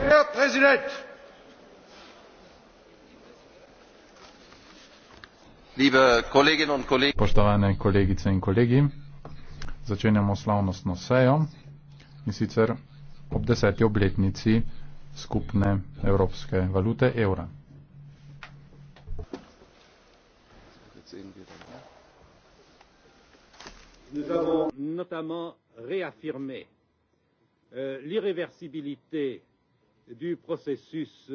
herr präsident liebe kolleginnen und kollegen poštovane kolegice in kolegi začenjamo slavnostno sejo in sicer ob deseti obletnici skupne evropske valute evra Nous avons notamment réaffirmé euh, l'irréversibilité du processus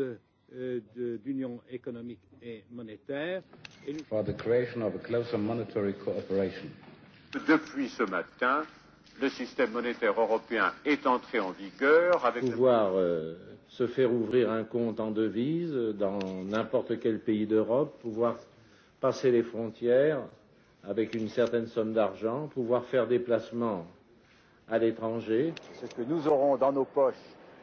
euh, d'union économique et monétaire. Et nous... For the creation of a closer monetary cooperation. Depuis ce matin, le système monétaire européen est entré en vigueur avec... Pouvoir euh, se faire ouvrir un compte en devise euh, dans n'importe quel pays d'Europe, pouvoir passer les frontières avec une certaine somme d'argent, pouvoir faire des placements à l'étranger. Ce que nous aurons dans nos poches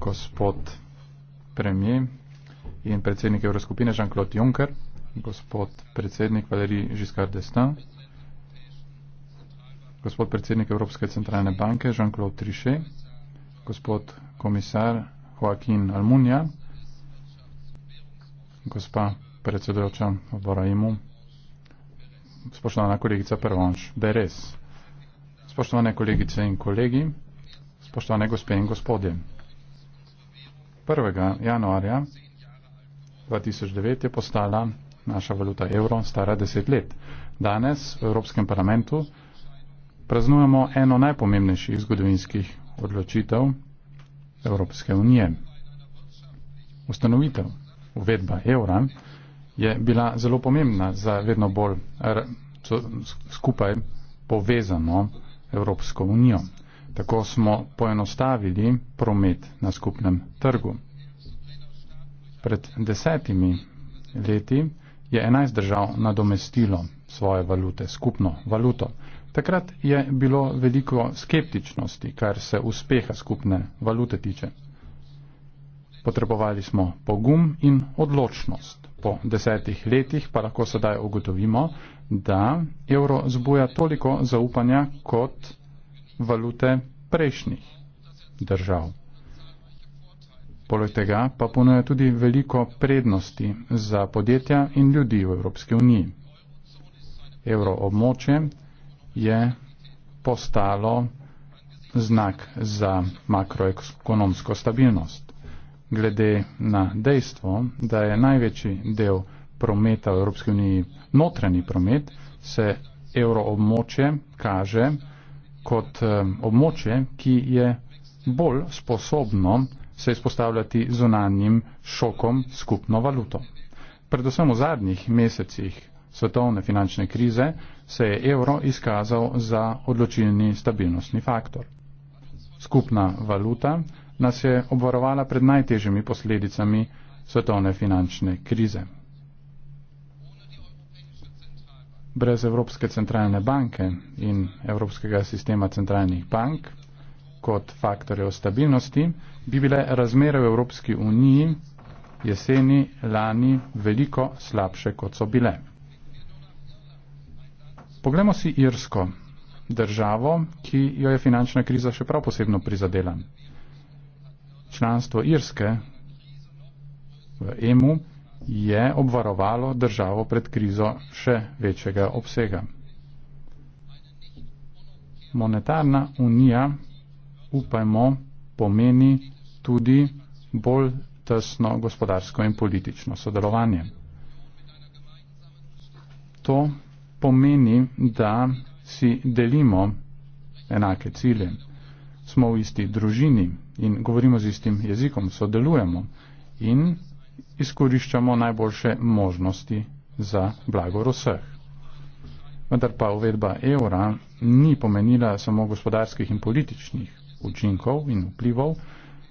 gospod premije in predsednik evroskupine Jean Claude Juncker, gospod predsednik Valeri Giscard d'Estaing, gospod predsednik Evropske centralne banke Jean Claude Trichet, gospod komisar Joaquin Almunia, gospa predsedujoča odbora IMU, spoštovana kolegica Pervanš, da je res. Spoštovane kolegice in kolegi, spoštovane gospe in gospodje. 1. januarja 2009 je postala naša valuta evro stara deset let. Danes v Evropskem parlamentu praznujemo eno najpomembnejših zgodovinskih odločitev Evropske unije. Ustanovitev, uvedba evra je bila zelo pomembna za vedno bolj skupaj povezano Evropsko unijo. Tako smo poenostavili promet na skupnem trgu. Pred desetimi leti je 11 držav nadomestilo svoje valute, skupno valuto. Takrat je bilo veliko skeptičnosti, kar se uspeha skupne valute tiče. Potrebovali smo pogum in odločnost. Po desetih letih pa lahko sedaj ugotovimo, da evro zbuja toliko zaupanja kot valute prejšnjih držav. Poleg tega pa ponuja tudi veliko prednosti za podjetja in ljudi v Evropski uniji. Evroobmočje je postalo znak za makroekonomsko stabilnost. Glede na dejstvo, da je največji del prometa v Evropski uniji notranji promet, se evroobmočje kaže, kot eh, območje, ki je bolj sposobno se izpostavljati zunanjim šokom skupno valuto. Predvsem v zadnjih mesecih svetovne finančne krize se je evro izkazal za odločilni stabilnostni faktor. Skupna valuta nas je obvarovala pred najtežjimi posledicami svetovne finančne krize. brez Evropske centralne banke in Evropskega sistema centralnih bank kot faktorjev stabilnosti, bi bile razmere v Evropski uniji jeseni lani veliko slabše, kot so bile. Poglejmo si Irsko, državo, ki jo je finančna kriza še prav posebno prizadela. Članstvo Irske v EMU je obvarovalo državo pred krizo še večjega obsega. Monetarna unija, upajmo, pomeni tudi bolj tesno gospodarsko in politično sodelovanje. To pomeni, da si delimo enake cilje, smo v isti družini in govorimo z istim jezikom, sodelujemo in izkoriščamo najboljše možnosti za blagor vseh. Vendar pa uvedba evra ni pomenila samo gospodarskih in političnih učinkov in vplivov,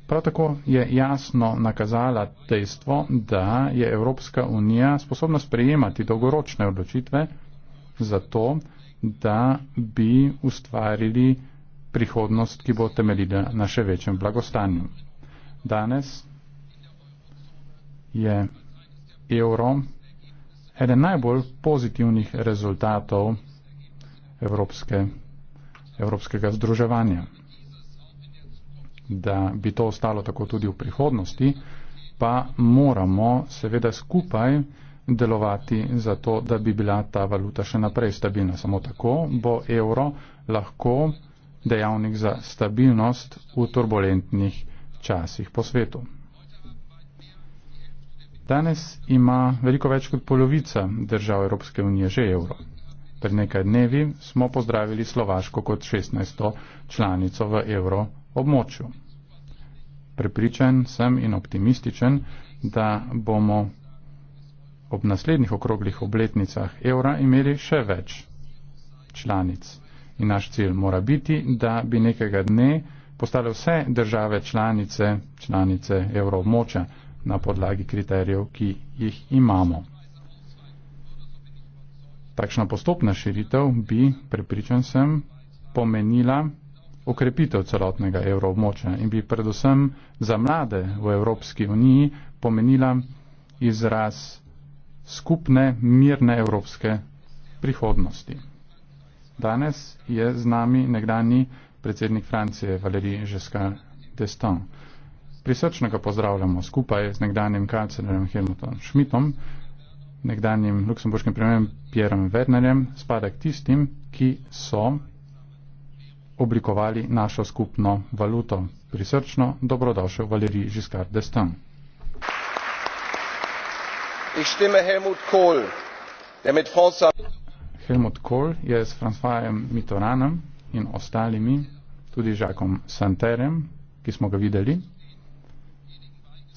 prav tako je jasno nakazala dejstvo, da je Evropska unija sposobna sprejemati dolgoročne odločitve za to, da bi ustvarili prihodnost, ki bo temeljila na še večjem blagostanju. Danes je evro eden najbolj pozitivnih rezultatov evropske, evropskega združevanja. Da bi to ostalo tako tudi v prihodnosti, pa moramo seveda skupaj delovati za to, da bi bila ta valuta še naprej stabilna. Samo tako bo evro lahko dejavnik za stabilnost v turbulentnih časih po svetu. Danes ima veliko več kot polovica držav Evropske unije že evro. Pred nekaj dnevi smo pozdravili Slovaško kot 16. članico v evro območju. Prepričan sem in optimističen, da bomo ob naslednjih okroglih obletnicah evra imeli še več članic. In naš cilj mora biti, da bi nekega dne postale vse države članice, članice evroobmoča, na podlagi kriterijev, ki jih imamo. Takšna postopna širitev bi, prepričan sem, pomenila okrepitev celotnega evroobmočja in bi predvsem za mlade v Evropski uniji pomenila izraz skupne mirne evropske prihodnosti. Danes je z nami nekdani predsednik Francije Valerij Žeska Destan prisrčno ga pozdravljamo skupaj z nekdanjem kancelarjem Helmutom Schmidtom, nekdanjem luksemburškim premijem Pierrem Wernerjem, spada k tistim, ki so oblikovali našo skupno valuto. Prisrčno dobrodošel Valerij Žiskard d'Estaing. Helmut Kohl je s Francoisem Mitoranem in ostalimi, tudi Žakom Santerem, ki smo ga videli,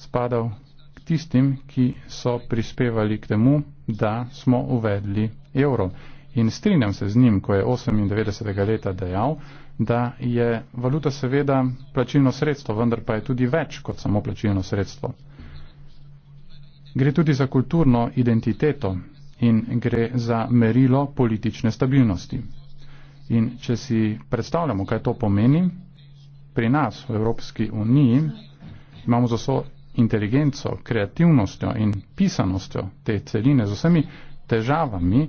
spadal k tistim, ki so prispevali k temu, da smo uvedli evro. In strinjam se z njim, ko je 98. leta dejal, da je valuta seveda plačilno sredstvo, vendar pa je tudi več kot samo plačilno sredstvo. Gre tudi za kulturno identiteto in gre za merilo politične stabilnosti. In če si predstavljamo, kaj to pomeni, pri nas v Evropski uniji imamo za so inteligenco, kreativnostjo in pisanostjo te celine, z vsemi težavami,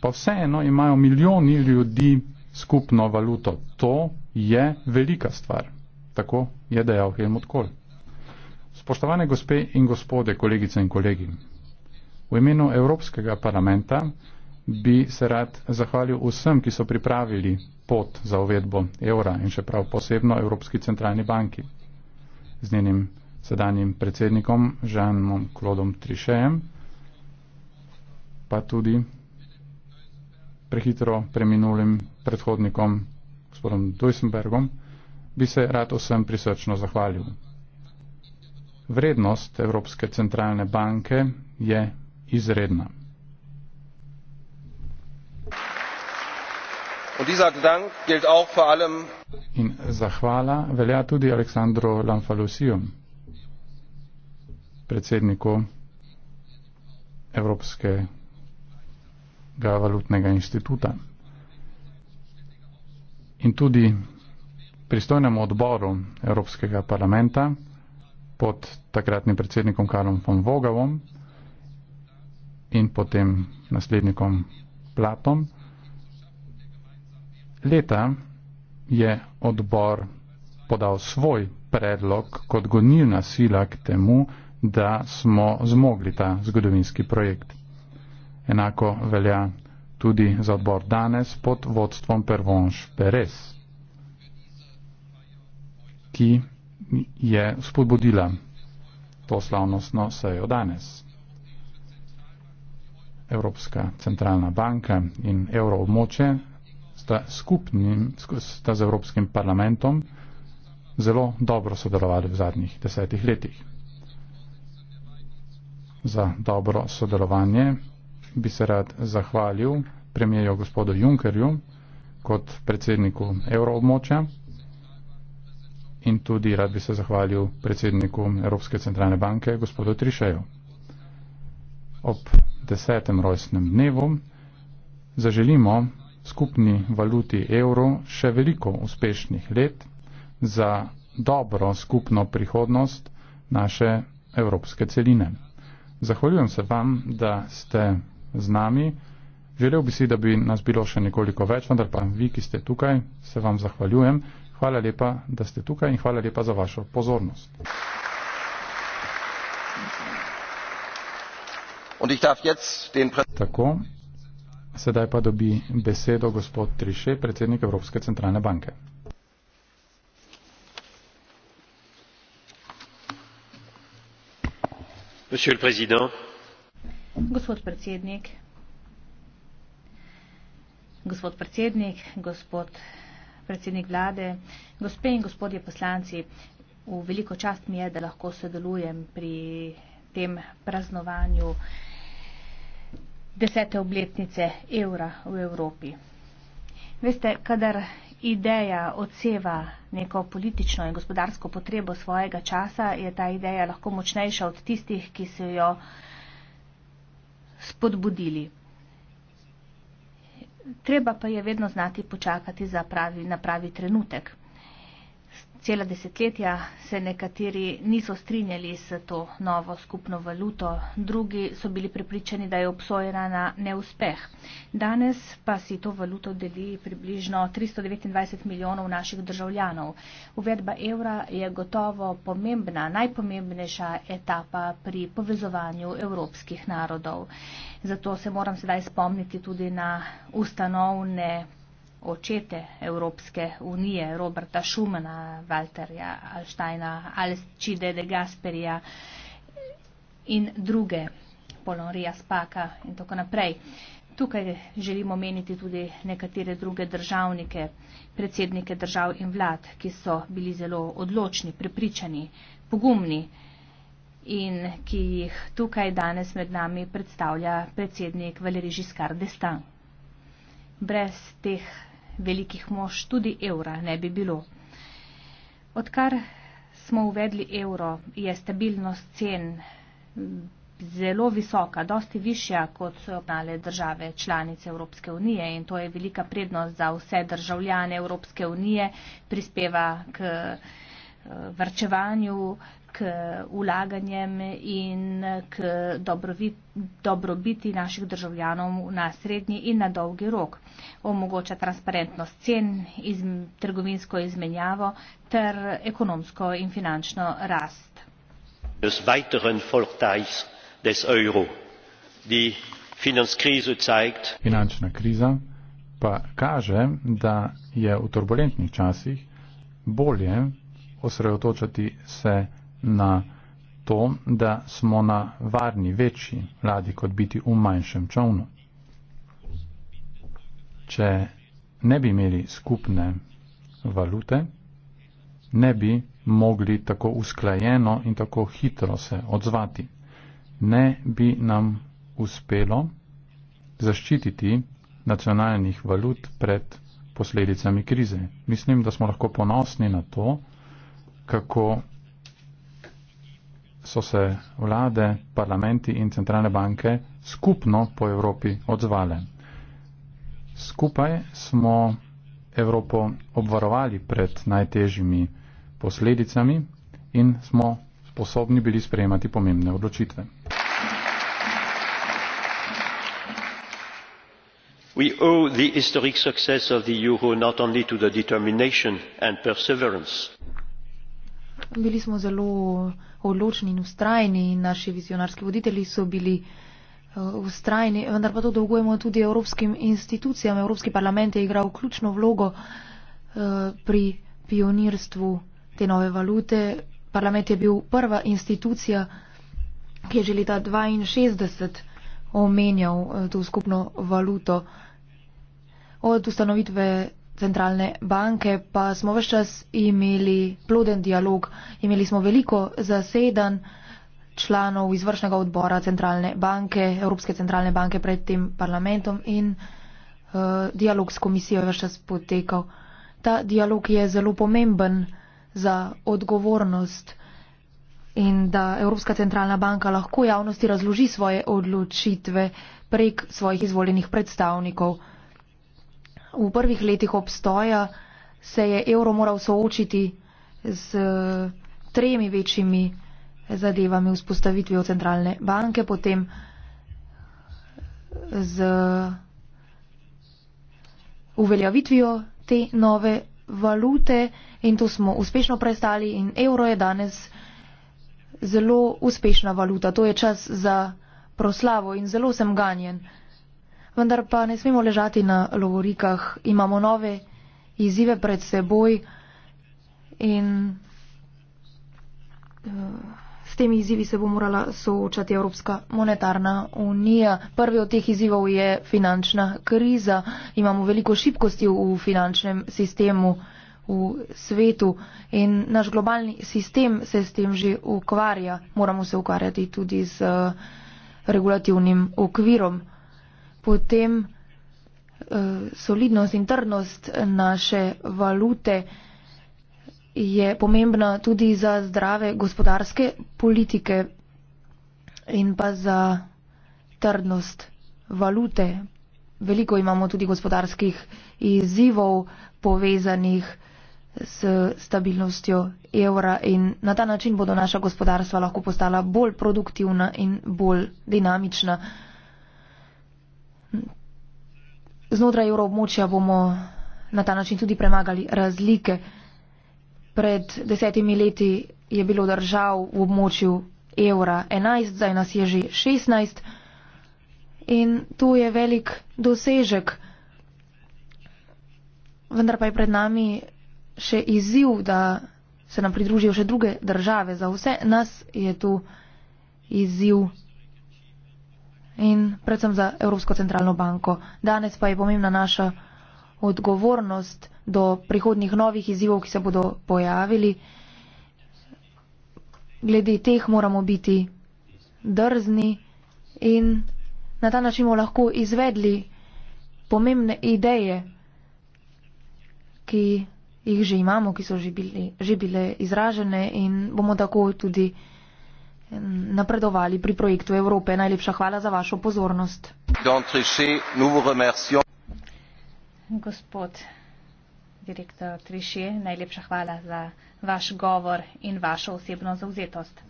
pa vseeno imajo milijoni ljudi skupno valuto. To je velika stvar. Tako je dejal Helmut Kohl. Spoštovane gospe in gospode, kolegice in kolegi, v imenu Evropskega parlamenta bi se rad zahvalil vsem, ki so pripravili pot za uvedbo evra in še prav posebno Evropski centralni banki z njenim sedanjim predsednikom Žanom Klodom Trišejem, pa tudi prehitro preminulim predhodnikom gospodom Duisenbergom, bi se rad vsem prisrčno zahvalil. Vrednost Evropske centralne banke je izredna. In zahvala velja tudi Aleksandru Lanfalusijom predsedniku Evropskega valutnega inštituta in tudi pristojnemu odboru Evropskega parlamenta pod takratnim predsednikom Karlom von Vogavom in potem naslednikom Platom. Leta je odbor podal svoj predlog kot gonilna sila k temu, da smo zmogli ta zgodovinski projekt. Enako velja tudi za odbor danes pod vodstvom Pervonš Perez, ki je spodbudila to slavnostno sejo danes. Evropska centralna banka in evroobmoče sta, sta z Evropskim parlamentom zelo dobro sodelovali v zadnjih desetih letih za dobro sodelovanje. Bi se rad zahvalil premijeju gospodu Junkerju kot predsedniku evroobmočja in tudi rad bi se zahvalil predsedniku Evropske centralne banke gospodu Trišeju. Ob desetem rojstnem dnevu zaželimo skupni valuti evro še veliko uspešnih let za dobro skupno prihodnost naše evropske celine. Zahvaljujem se vam, da ste z nami. Želel bi si, da bi nas bilo še nekoliko več, vendar pa vi, ki ste tukaj, se vam zahvaljujem. Hvala lepa, da ste tukaj in hvala lepa za vašo pozornost. Tako, sedaj pa dobi besedo gospod Triše, predsednik Evropske centralne banke. gospod predsednik, gospod predsednik, gospod predsednik vlade, gospe in gospodje poslanci, v veliko čast mi je, da lahko sodelujem pri tem praznovanju desete obletnice evra v Evropi. Veste, kadar ideja odseva neko politično in gospodarsko potrebo svojega časa, je ta ideja lahko močnejša od tistih, ki so jo spodbudili. Treba pa je vedno znati počakati pravi, na pravi trenutek cela desetletja se nekateri niso strinjali s to novo skupno valuto, drugi so bili prepričani, da je obsojena na neuspeh. Danes pa si to valuto deli približno 329 milijonov naših državljanov. Uvedba evra je gotovo pomembna, najpomembnejša etapa pri povezovanju evropskih narodov. Zato se moram sedaj spomniti tudi na ustanovne očete Evropske unije, Roberta Schumana, Walterja Alsteina, Alcide de Gasperija in druge, Polonrija Spaka in tako naprej. Tukaj želimo meniti tudi nekatere druge državnike, predsednike držav in vlad, ki so bili zelo odločni, prepričani, pogumni in ki jih tukaj danes med nami predstavlja predsednik Valerij Žiskar Destan. Brez teh velikih mož, tudi evra ne bi bilo. Odkar smo uvedli evro, je stabilnost cen zelo visoka, dosti višja kot so male države članice Evropske unije in to je velika prednost za vse državljane Evropske unije, prispeva k eh, vrčevanju, k ulaganjem in k dobrobiti naših državljanov na srednji in na dolgi rok. Omogoča transparentnost cen, iz, trgovinsko izmenjavo ter ekonomsko in finančno rast. Finančna kriza pa kaže, da je v turbulentnih časih bolje osredotočati se na to, da smo na varni večji ladi, kot biti v manjšem čovnu. Če ne bi imeli skupne valute, ne bi mogli tako usklajeno in tako hitro se odzvati. Ne bi nam uspelo zaščititi nacionalnih valut pred posledicami krize. Mislim, da smo lahko ponosni na to, kako so se vlade, parlamenti in centralne banke skupno po Evropi odzvale. Skupaj smo Evropo obvarovali pred najtežjimi posledicami in smo sposobni bili sprejemati pomembne odločitve. We owe the historic success of the euro not only to the determination and perseverance Bili smo zelo odločni in ustrajni in naši vizionarski voditelji so bili eh, ustrajni, vendar pa to dolgujemo tudi evropskim institucijam. Evropski parlament je igral ključno vlogo eh, pri pionirstvu te nove valute. Parlament je bil prva institucija, ki je že leta 1962 omenjal eh, to skupno valuto. Od ustanovitve centralne banke, pa smo vse čas imeli ploden dialog. Imeli smo veliko zasedan članov izvršnega odbora centralne banke, Evropske centralne banke pred tem parlamentom in uh, dialog s komisijo je vse čas potekal. Ta dialog je zelo pomemben za odgovornost in da Evropska centralna banka lahko javnosti razloži svoje odločitve prek svojih izvoljenih predstavnikov v prvih letih obstoja se je evro moral soočiti z tremi večjimi zadevami vzpostavitvijo centralne banke, potem z uveljavitvijo te nove valute in to smo uspešno prestali in evro je danes zelo uspešna valuta. To je čas za proslavo in zelo sem ganjen. Vendar pa ne smemo ležati na lovorikah. Imamo nove izzive pred seboj in eh, s temi izzivi se bo morala soočati Evropska monetarna unija. Prvi od teh izzivov je finančna kriza. Imamo veliko šibkosti v finančnem sistemu v svetu in naš globalni sistem se s tem že ukvarja. Moramo se ukvarjati tudi z eh, regulativnim okvirom potem uh, solidnost in trdnost naše valute je pomembna tudi za zdrave gospodarske politike in pa za trdnost valute. Veliko imamo tudi gospodarskih izzivov povezanih s stabilnostjo evra in na ta način bodo naša gospodarstva lahko postala bolj produktivna in bolj dinamična. Znotraj evroobmočja bomo na ta način tudi premagali razlike. Pred desetimi leti je bilo držav v območju evra 11, zdaj nas je že 16 in tu je velik dosežek. Vendar pa je pred nami še izziv, da se nam pridružijo še druge države. Za vse nas je tu izziv in predvsem za Evropsko centralno banko. Danes pa je pomembna naša odgovornost do prihodnih novih izzivov, ki se bodo pojavili. Glede teh moramo biti drzni in na ta način bomo lahko izvedli pomembne ideje, ki jih že imamo, ki so že bile, že bile izražene in bomo tako tudi napredovali pri projektu Evrope. Najlepša hvala za vašo pozornost. Gospod direktor Trišje, najlepša hvala za vaš govor in vašo osebno zauzetost.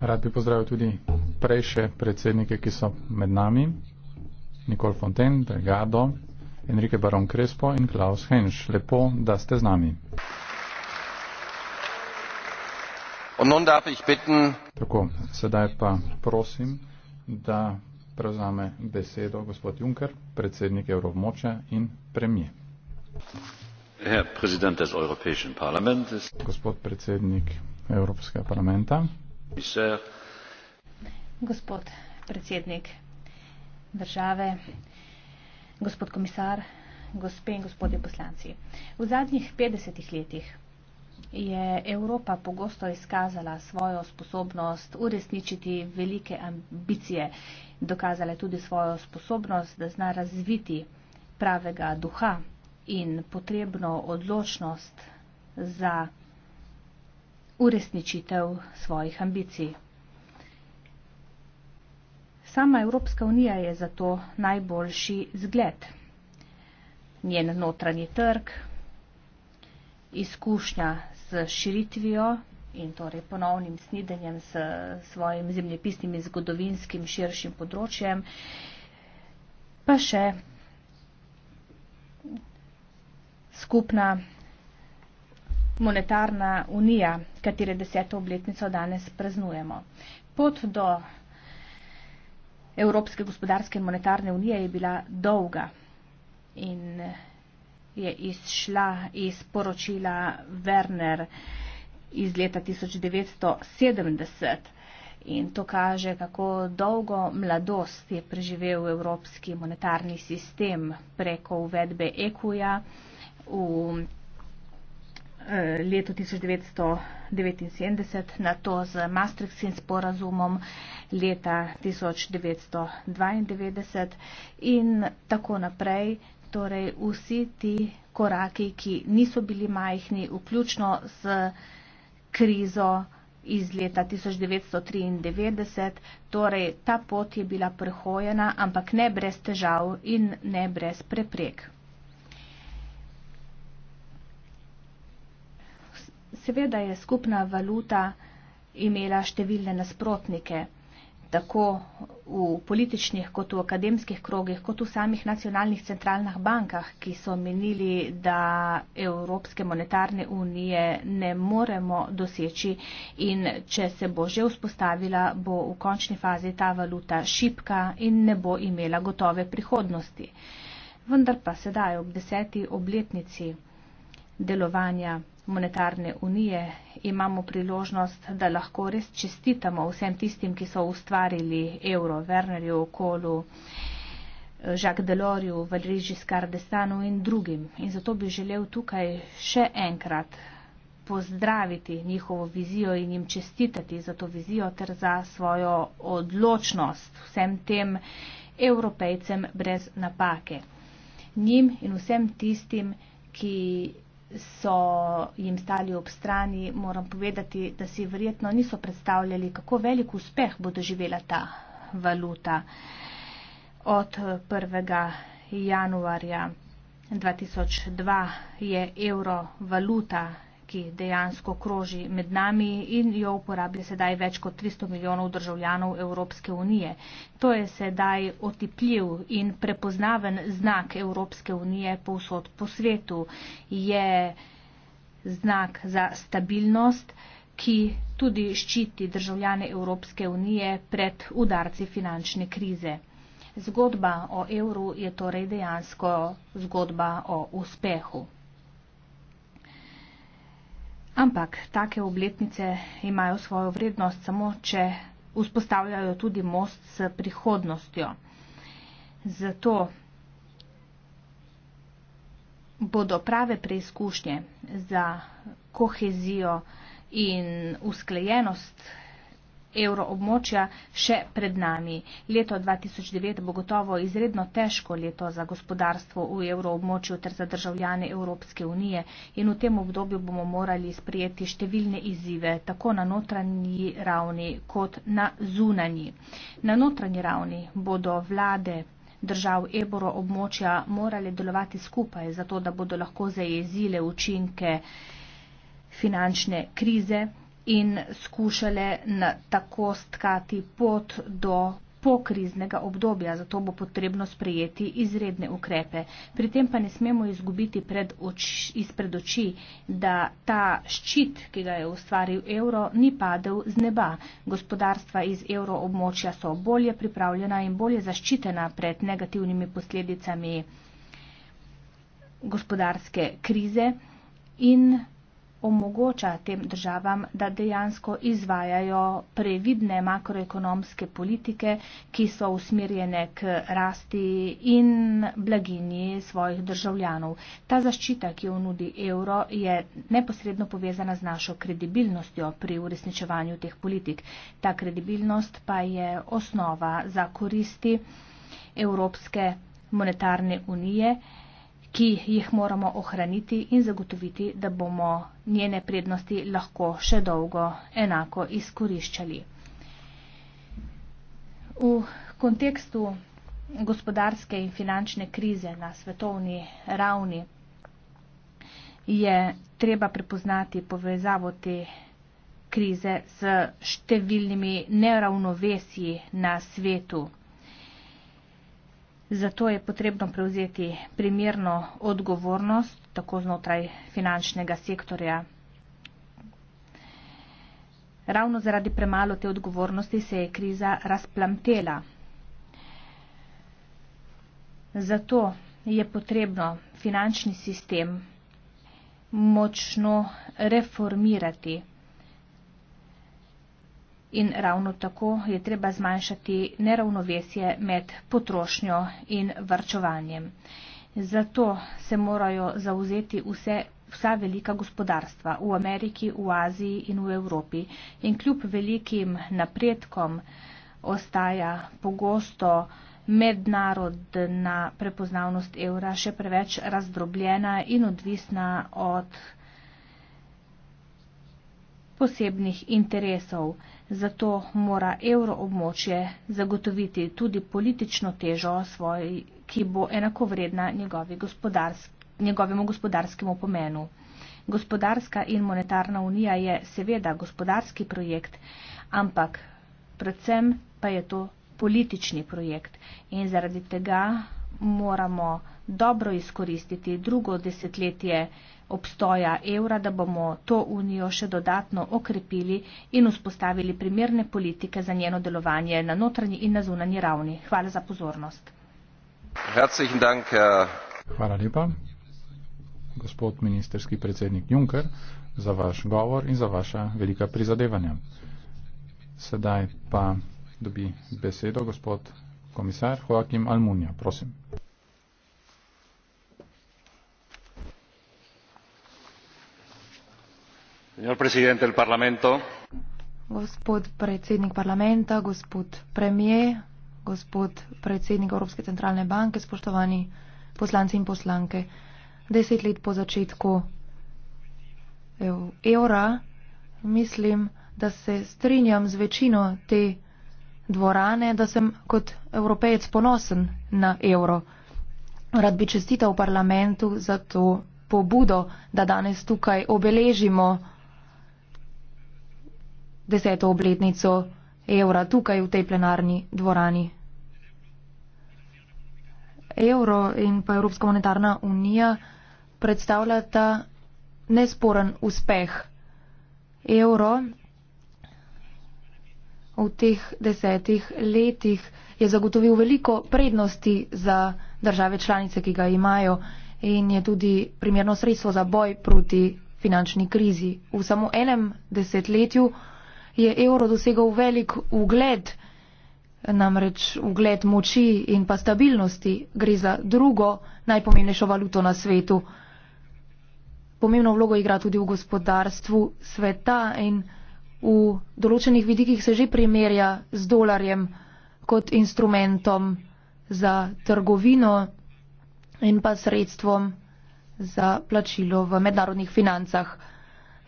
Rad bi pozdravil tudi prejše predsednike, ki so med nami, Nicole Fontaine, Delgado, Enrique Baron Crespo in Klaus Hensch. Lepo, da ste z nami. Tako, sedaj pa prosim, da prevzame besedo gospod Juncker, predsednik Evropmoča in premije. Gospod predsednik Evropskega parlamenta. Gospod predsednik države, gospod komisar, gospe in gospodje poslanci. V zadnjih 50 letih je Evropa pogosto izkazala svojo sposobnost uresničiti velike ambicije, dokazala tudi svojo sposobnost, da zna razviti pravega duha in potrebno odločnost za uresničitev svojih ambicij. Sama Evropska unija je zato najboljši zgled. Njen notranji trg, izkušnja z širitvijo in torej ponovnim snidenjem s svojim zemljepisnim in zgodovinskim širšim področjem, pa še skupna monetarna unija, katere deseto obletnico danes praznujemo. Pot do Evropske gospodarske in monetarne unije je bila dolga in je izšla iz poročila Werner iz leta 1970 in to kaže, kako dolgo mladost je preživel evropski monetarni sistem preko uvedbe EQ-ja v eh, letu 1979, na to z Maastrichtskim sporazumom leta 1992 in tako naprej, torej vsi ti koraki, ki niso bili majhni, vključno s krizo iz leta 1993, torej ta pot je bila prehojena, ampak ne brez težav in ne brez preprek. Seveda je skupna valuta imela številne nasprotnike tako v političnih kot v akademskih krogih, kot v samih nacionalnih centralnih bankah, ki so menili, da Evropske monetarne unije ne moremo doseči in če se bo že vzpostavila, bo v končni fazi ta valuta šipka in ne bo imela gotove prihodnosti. Vendar pa sedaj ob deseti obletnici delovanja monetarne unije, imamo priložnost, da lahko res čestitamo vsem tistim, ki so ustvarili evro, Wernerju, Kolu, Jacques Delorju, Valerij Giscardestanu in drugim. In zato bi želel tukaj še enkrat pozdraviti njihovo vizijo in jim čestitati za to vizijo ter za svojo odločnost vsem tem evropejcem brez napake. Njim in vsem tistim, ki so jim stali ob strani, moram povedati, da si verjetno niso predstavljali, kako velik uspeh bo doživela ta valuta od 1. januarja. 2002 je evro valuta ki dejansko kroži med nami in jo uporablja sedaj več kot 300 milijonov državljanov Evropske unije. To je sedaj otipljiv in prepoznaven znak Evropske unije povsod po svetu. Je znak za stabilnost, ki tudi ščiti državljane Evropske unije pred udarci finančne krize. Zgodba o evru je torej dejansko zgodba o uspehu. Ampak take obletnice imajo svojo vrednost samo, če vzpostavljajo tudi most s prihodnostjo. Zato bodo prave preizkušnje za kohezijo in usklejenost evroobmočja še pred nami. Leto 2009 bo gotovo izredno težko leto za gospodarstvo v evroobmočju ter za državljane Evropske unije in v tem obdobju bomo morali sprijeti številne izzive, tako na notranji ravni kot na zunanji. Na notranji ravni bodo vlade držav evroobmočja morali delovati skupaj, zato da bodo lahko zajezile učinke finančne krize in skušale tako skati pot do pokriznega obdobja, zato bo potrebno sprejeti izredne ukrepe. Pri tem pa ne smemo izgubiti pred oč, izpred oči, da ta ščit, ki ga je ustvaril evro, ni padel z neba. Gospodarstva iz evro območja so bolje pripravljena in bolje zaščitena pred negativnimi posledicami gospodarske krize in omogoča tem državam, da dejansko izvajajo previdne makroekonomske politike, ki so usmerjene k rasti in blaginji svojih državljanov. Ta zaščita, ki jo nudi evro, je neposredno povezana z našo kredibilnostjo pri uresničevanju teh politik. Ta kredibilnost pa je osnova za koristi Evropske monetarne unije ki jih moramo ohraniti in zagotoviti, da bomo njene prednosti lahko še dolgo enako izkoriščali. V kontekstu gospodarske in finančne krize na svetovni ravni je treba prepoznati povezavo te krize s številnimi neravnovesji na svetu. Zato je potrebno prevzeti primerno odgovornost tako znotraj finančnega sektorja. Ravno zaradi premalo te odgovornosti se je kriza razplamtela. Zato je potrebno finančni sistem močno reformirati. In ravno tako je treba zmanjšati neravnovesje med potrošnjo in vrčovanjem. Zato se morajo zauzeti vse, vsa velika gospodarstva v Ameriki, v Aziji in v Evropi. In kljub velikim napredkom ostaja pogosto mednarodna prepoznavnost evra še preveč razdrobljena in odvisna od posebnih interesov zato mora evroobmočje zagotoviti tudi politično težo, svoj, ki bo enako vredna gospodarsk, njegovemu gospodarskemu pomenu. Gospodarska in monetarna unija je seveda gospodarski projekt, ampak predvsem pa je to politični projekt in zaradi tega moramo dobro izkoristiti drugo desetletje obstoja evra, da bomo to unijo še dodatno okrepili in vzpostavili primerne politike za njeno delovanje na notranji in na zunanji ravni. Hvala za pozornost. Hvala lepa, gospod ministerski predsednik Juncker, za vaš govor in za vaša velika prizadevanja. Sedaj pa dobi besedo gospod komisar Joakim Almunija. Prosim. gospod predsednik parlamenta gospod premier gospod predsednik evropske centralne banke spoštovani poslanci in poslanke deset let po začetku evra mislim da se strinjam z večino te dvorane da sem kot evropejec ponosen na evro rad bi čestital parlamentu za to pobudo da danes tukaj obeležimo deseto obletnico evra tukaj v tej plenarni dvorani. Evro in pa Evropska monetarna unija predstavljata nesporen uspeh. Evro v teh desetih letih je zagotovil veliko prednosti za države članice, ki ga imajo in je tudi primerno sredstvo za boj proti finančni krizi. V samo enem desetletju je evro dosegal velik ugled, namreč ugled moči in pa stabilnosti. Gre za drugo najpomembnejšo valuto na svetu. Pomembno vlogo igra tudi v gospodarstvu sveta in v določenih vidikih se že primerja z dolarjem kot instrumentom za trgovino in pa sredstvom za plačilo v mednarodnih financah.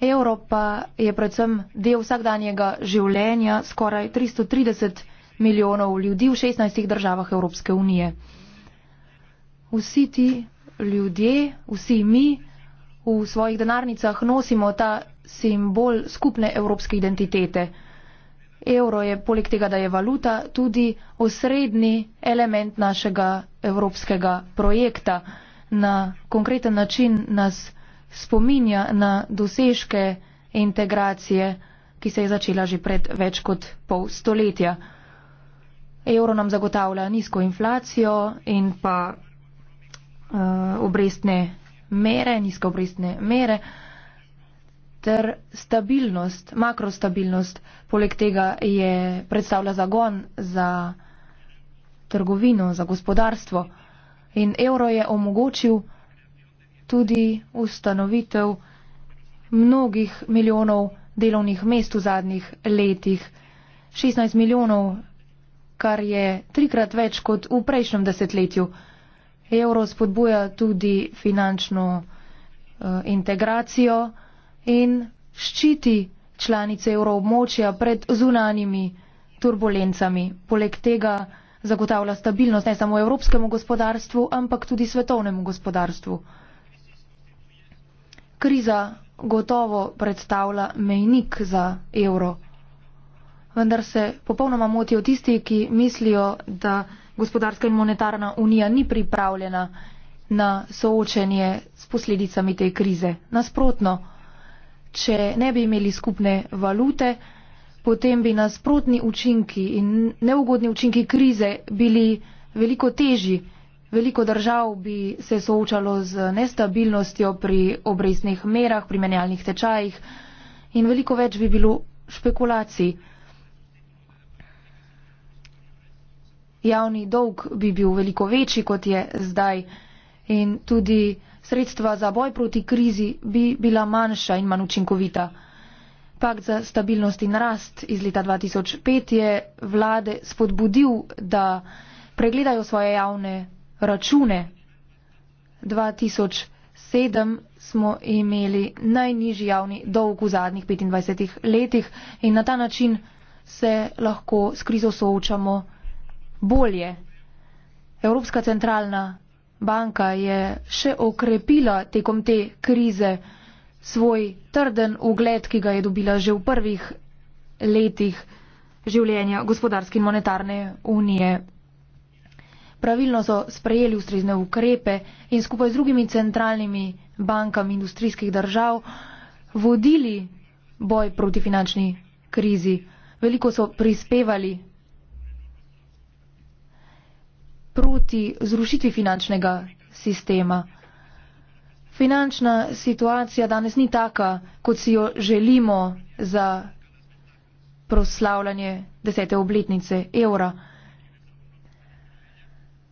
Evropa je predvsem del vsakdanjega življenja skoraj 330 milijonov ljudi v 16 državah Evropske unije. Vsi ti ljudje, vsi mi v svojih denarnicah nosimo ta simbol skupne evropske identitete. Evro je, poleg tega, da je valuta, tudi osrednji element našega evropskega projekta. Na konkreten način nas spominja na dosežke integracije, ki se je začela že pred več kot pol stoletja. Evro nam zagotavlja nizko inflacijo in pa uh, obrestne mere, nizko obrestne mere ter stabilnost, makrostabilnost. Poleg tega je predstavlja zagon za trgovino, za gospodarstvo. In evro je omogočil tudi ustanovitev mnogih milijonov delovnih mest v zadnjih letih. 16 milijonov, kar je trikrat več kot v prejšnjem desetletju. Evro spodbuja tudi finančno uh, integracijo in ščiti članice evroobmočja pred zunanjimi turbulencami. Poleg tega zagotavlja stabilnost ne samo evropskemu gospodarstvu, ampak tudi svetovnemu gospodarstvu kriza gotovo predstavlja mejnik za evro. Vendar se popolnoma motijo tisti, ki mislijo, da gospodarska in monetarna unija ni pripravljena na soočenje s posledicami te krize. Nasprotno, če ne bi imeli skupne valute, potem bi nasprotni učinki in neugodni učinki krize bili veliko težji. Veliko držav bi se soočalo z nestabilnostjo pri obrestnih merah, pri menjalnih tečajih in veliko več bi bilo špekulacij. Javni dolg bi bil veliko večji, kot je zdaj in tudi sredstva za boj proti krizi bi bila manjša in manj učinkovita. Pakt za stabilnost in rast iz leta 2005 je vlade spodbudil, da pregledajo svoje javne račune. 2007 smo imeli najnižji javni dolg v zadnjih 25 letih in na ta način se lahko s krizo soočamo bolje. Evropska centralna banka je še okrepila tekom te krize svoj trden ugled, ki ga je dobila že v prvih letih življenja gospodarske in monetarne unije pravilno so sprejeli ustrezne ukrepe in skupaj z drugimi centralnimi bankami industrijskih držav vodili boj proti finančni krizi. Veliko so prispevali proti zrušitvi finančnega sistema. Finančna situacija danes ni taka, kot si jo želimo za proslavljanje desete obletnice evra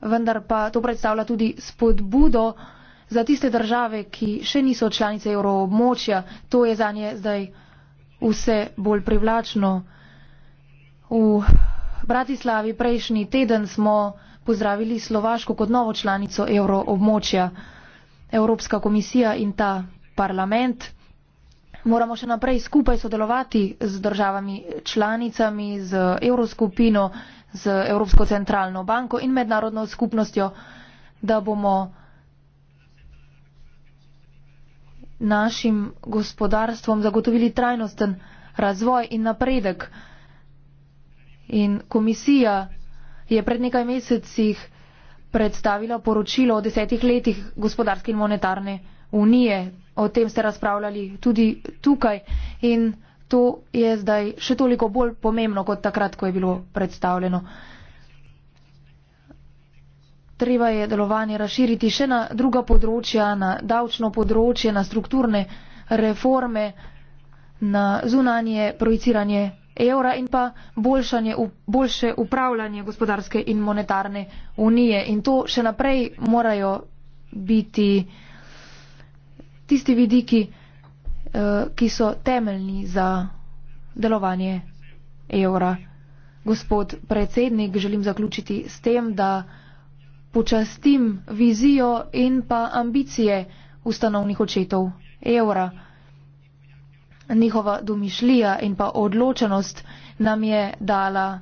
vendar pa to predstavlja tudi spodbudo za tiste države, ki še niso članice euroobmočja. To je za nje zdaj vse bolj privlačno. V Bratislavi prejšnji teden smo pozdravili Slovaško kot novo članico euroobmočja. Evropska komisija in ta parlament moramo še naprej skupaj sodelovati z državami članicami, z evroskupino z Evropsko centralno banko in mednarodno skupnostjo, da bomo našim gospodarstvom zagotovili trajnosten razvoj in napredek. In komisija je pred nekaj mesecih predstavila poročilo o desetih letih gospodarske in monetarne unije. O tem ste razpravljali tudi tukaj. In To je zdaj še toliko bolj pomembno kot takrat, ko je bilo predstavljeno. Treba je delovanje razširiti še na druga področja, na davčno področje, na strukturne reforme, na zunanje projiciranje evra in pa boljšanje, boljše upravljanje gospodarske in monetarne unije. In to še naprej morajo biti tisti vidiki, ki Eh, ki so temeljni za delovanje evra. Gospod predsednik, želim zaključiti s tem, da počastim vizijo in pa ambicije ustanovnih očetov evra. Njihova domišljija in pa odločenost nam je dala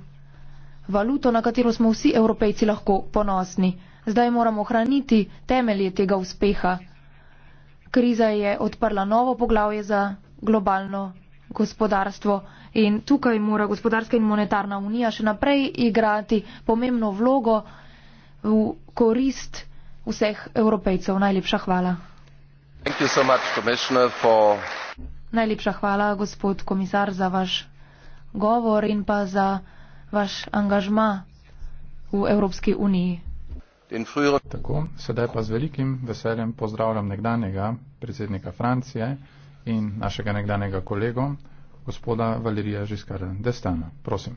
valuto, na katero smo vsi evropejci lahko ponosni. Zdaj moramo hraniti temelje tega uspeha kriza je odprla novo poglavje za globalno gospodarstvo in tukaj mora gospodarska in monetarna unija še naprej igrati pomembno vlogo v korist vseh evropejcev. Najlepša hvala. So much, for... Najlepša hvala, gospod komisar, za vaš govor in pa za vaš angažma v Evropski uniji. Tako, sedaj pa z velikim veseljem pozdravljam nekdanjega predsednika Francije in našega nekdanjega kolego, gospoda Valerija Žiskara Destana. Prosim.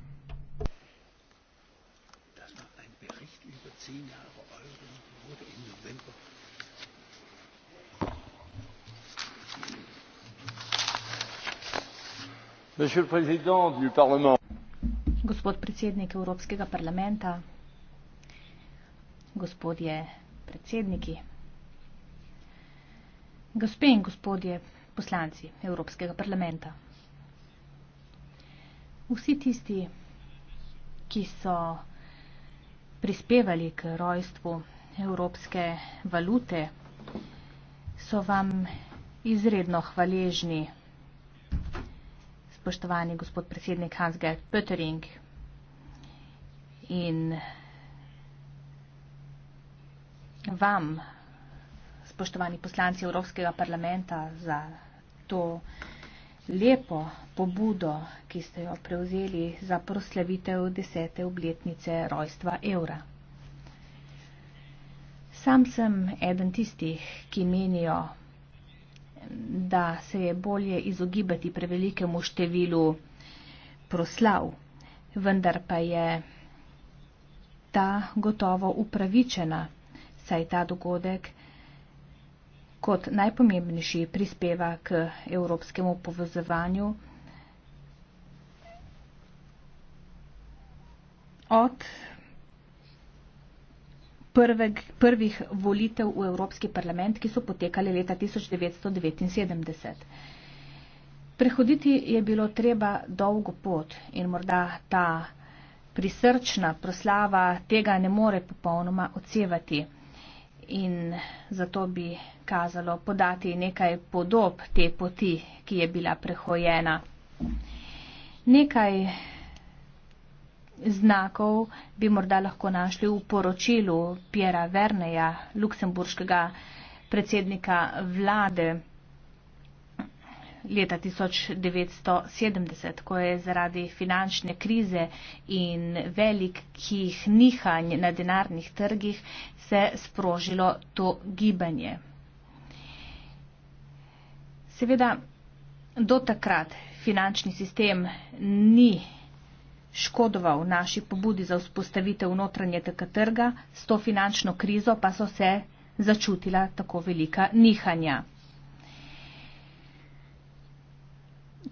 Gospod predsednik Evropskega parlamenta gospodje predsedniki, gospe in gospodje poslanci Evropskega parlamenta. Vsi tisti, ki so prispevali k rojstvu evropske valute, so vam izredno hvaležni, spoštovani gospod predsednik Hans Gerd Pöttering in vam, spoštovani poslanci Evropskega parlamenta, za to lepo pobudo, ki ste jo prevzeli za proslavitev desete obletnice rojstva evra. Sam sem eden tistih, ki menijo, da se je bolje izogibati prevelikemu številu proslav, vendar pa je ta gotovo upravičena saj ta dogodek kot najpomembnejši prispeva k evropskemu povezovanju od prveg, prvih volitev v Evropski parlament, ki so potekali leta 1979. Prehoditi je bilo treba dolgo pot in morda ta prisrčna proslava tega ne more popolnoma odsevati in zato bi kazalo podati nekaj podob te poti, ki je bila prehojena. Nekaj znakov bi morda lahko našli v poročilu Pjera Verneja, luksemburškega predsednika vlade leta 1970, ko je zaradi finančne krize in velikih nihanj na denarnih trgih se sprožilo to gibanje. Seveda, do takrat finančni sistem ni škodoval naši pobudi za vzpostavitev notranje tega trga, s to finančno krizo pa so se začutila tako velika nihanja.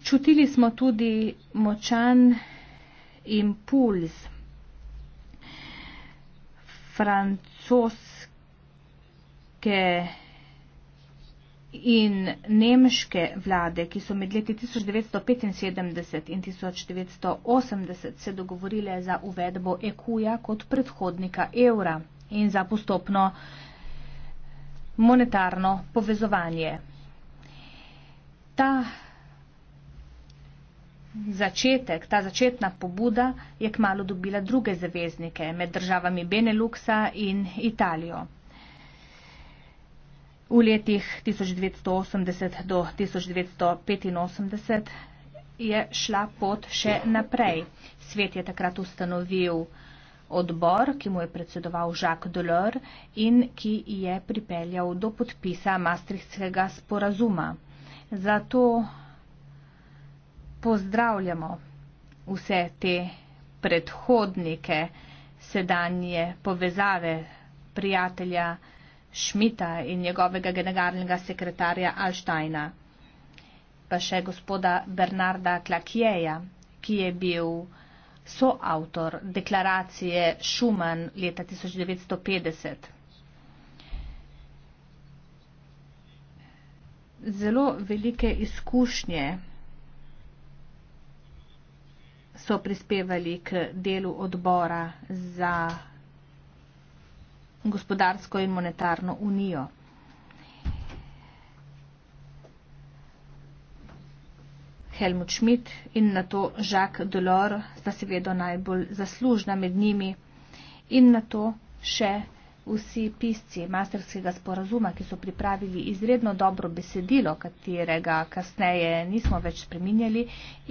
Čutili smo tudi močan impuls francoske in nemške vlade, ki so med leti 1975 in 1980 se dogovorile za uvedbo ekuja kot predhodnika evra in za postopno monetarno povezovanje. Ta Začetek, ta začetna pobuda je kmalo dobila druge zaveznike med državami Beneluxa in Italijo. V letih 1980 do 1985 je šla pot še naprej. Svet je takrat ustanovil odbor, ki mu je predsedoval Jacques Dolor in ki je pripeljal do podpisa Maastrichtskega sporazuma. Zato pozdravljamo vse te predhodnike, sedanje povezave prijatelja Šmita in njegovega generalnega sekretarja Alštajna, pa še gospoda Bernarda Klakjeja, ki je bil soautor deklaracije Šuman leta 1950. Zelo velike izkušnje so prispevali k delu odbora za gospodarsko in monetarno unijo. Helmut Schmidt in na to Jacques Delors sta seveda najbolj zaslužna med njimi in na to še vsi pisci masterskega sporazuma, ki so pripravili izredno dobro besedilo, katerega kasneje nismo več spreminjali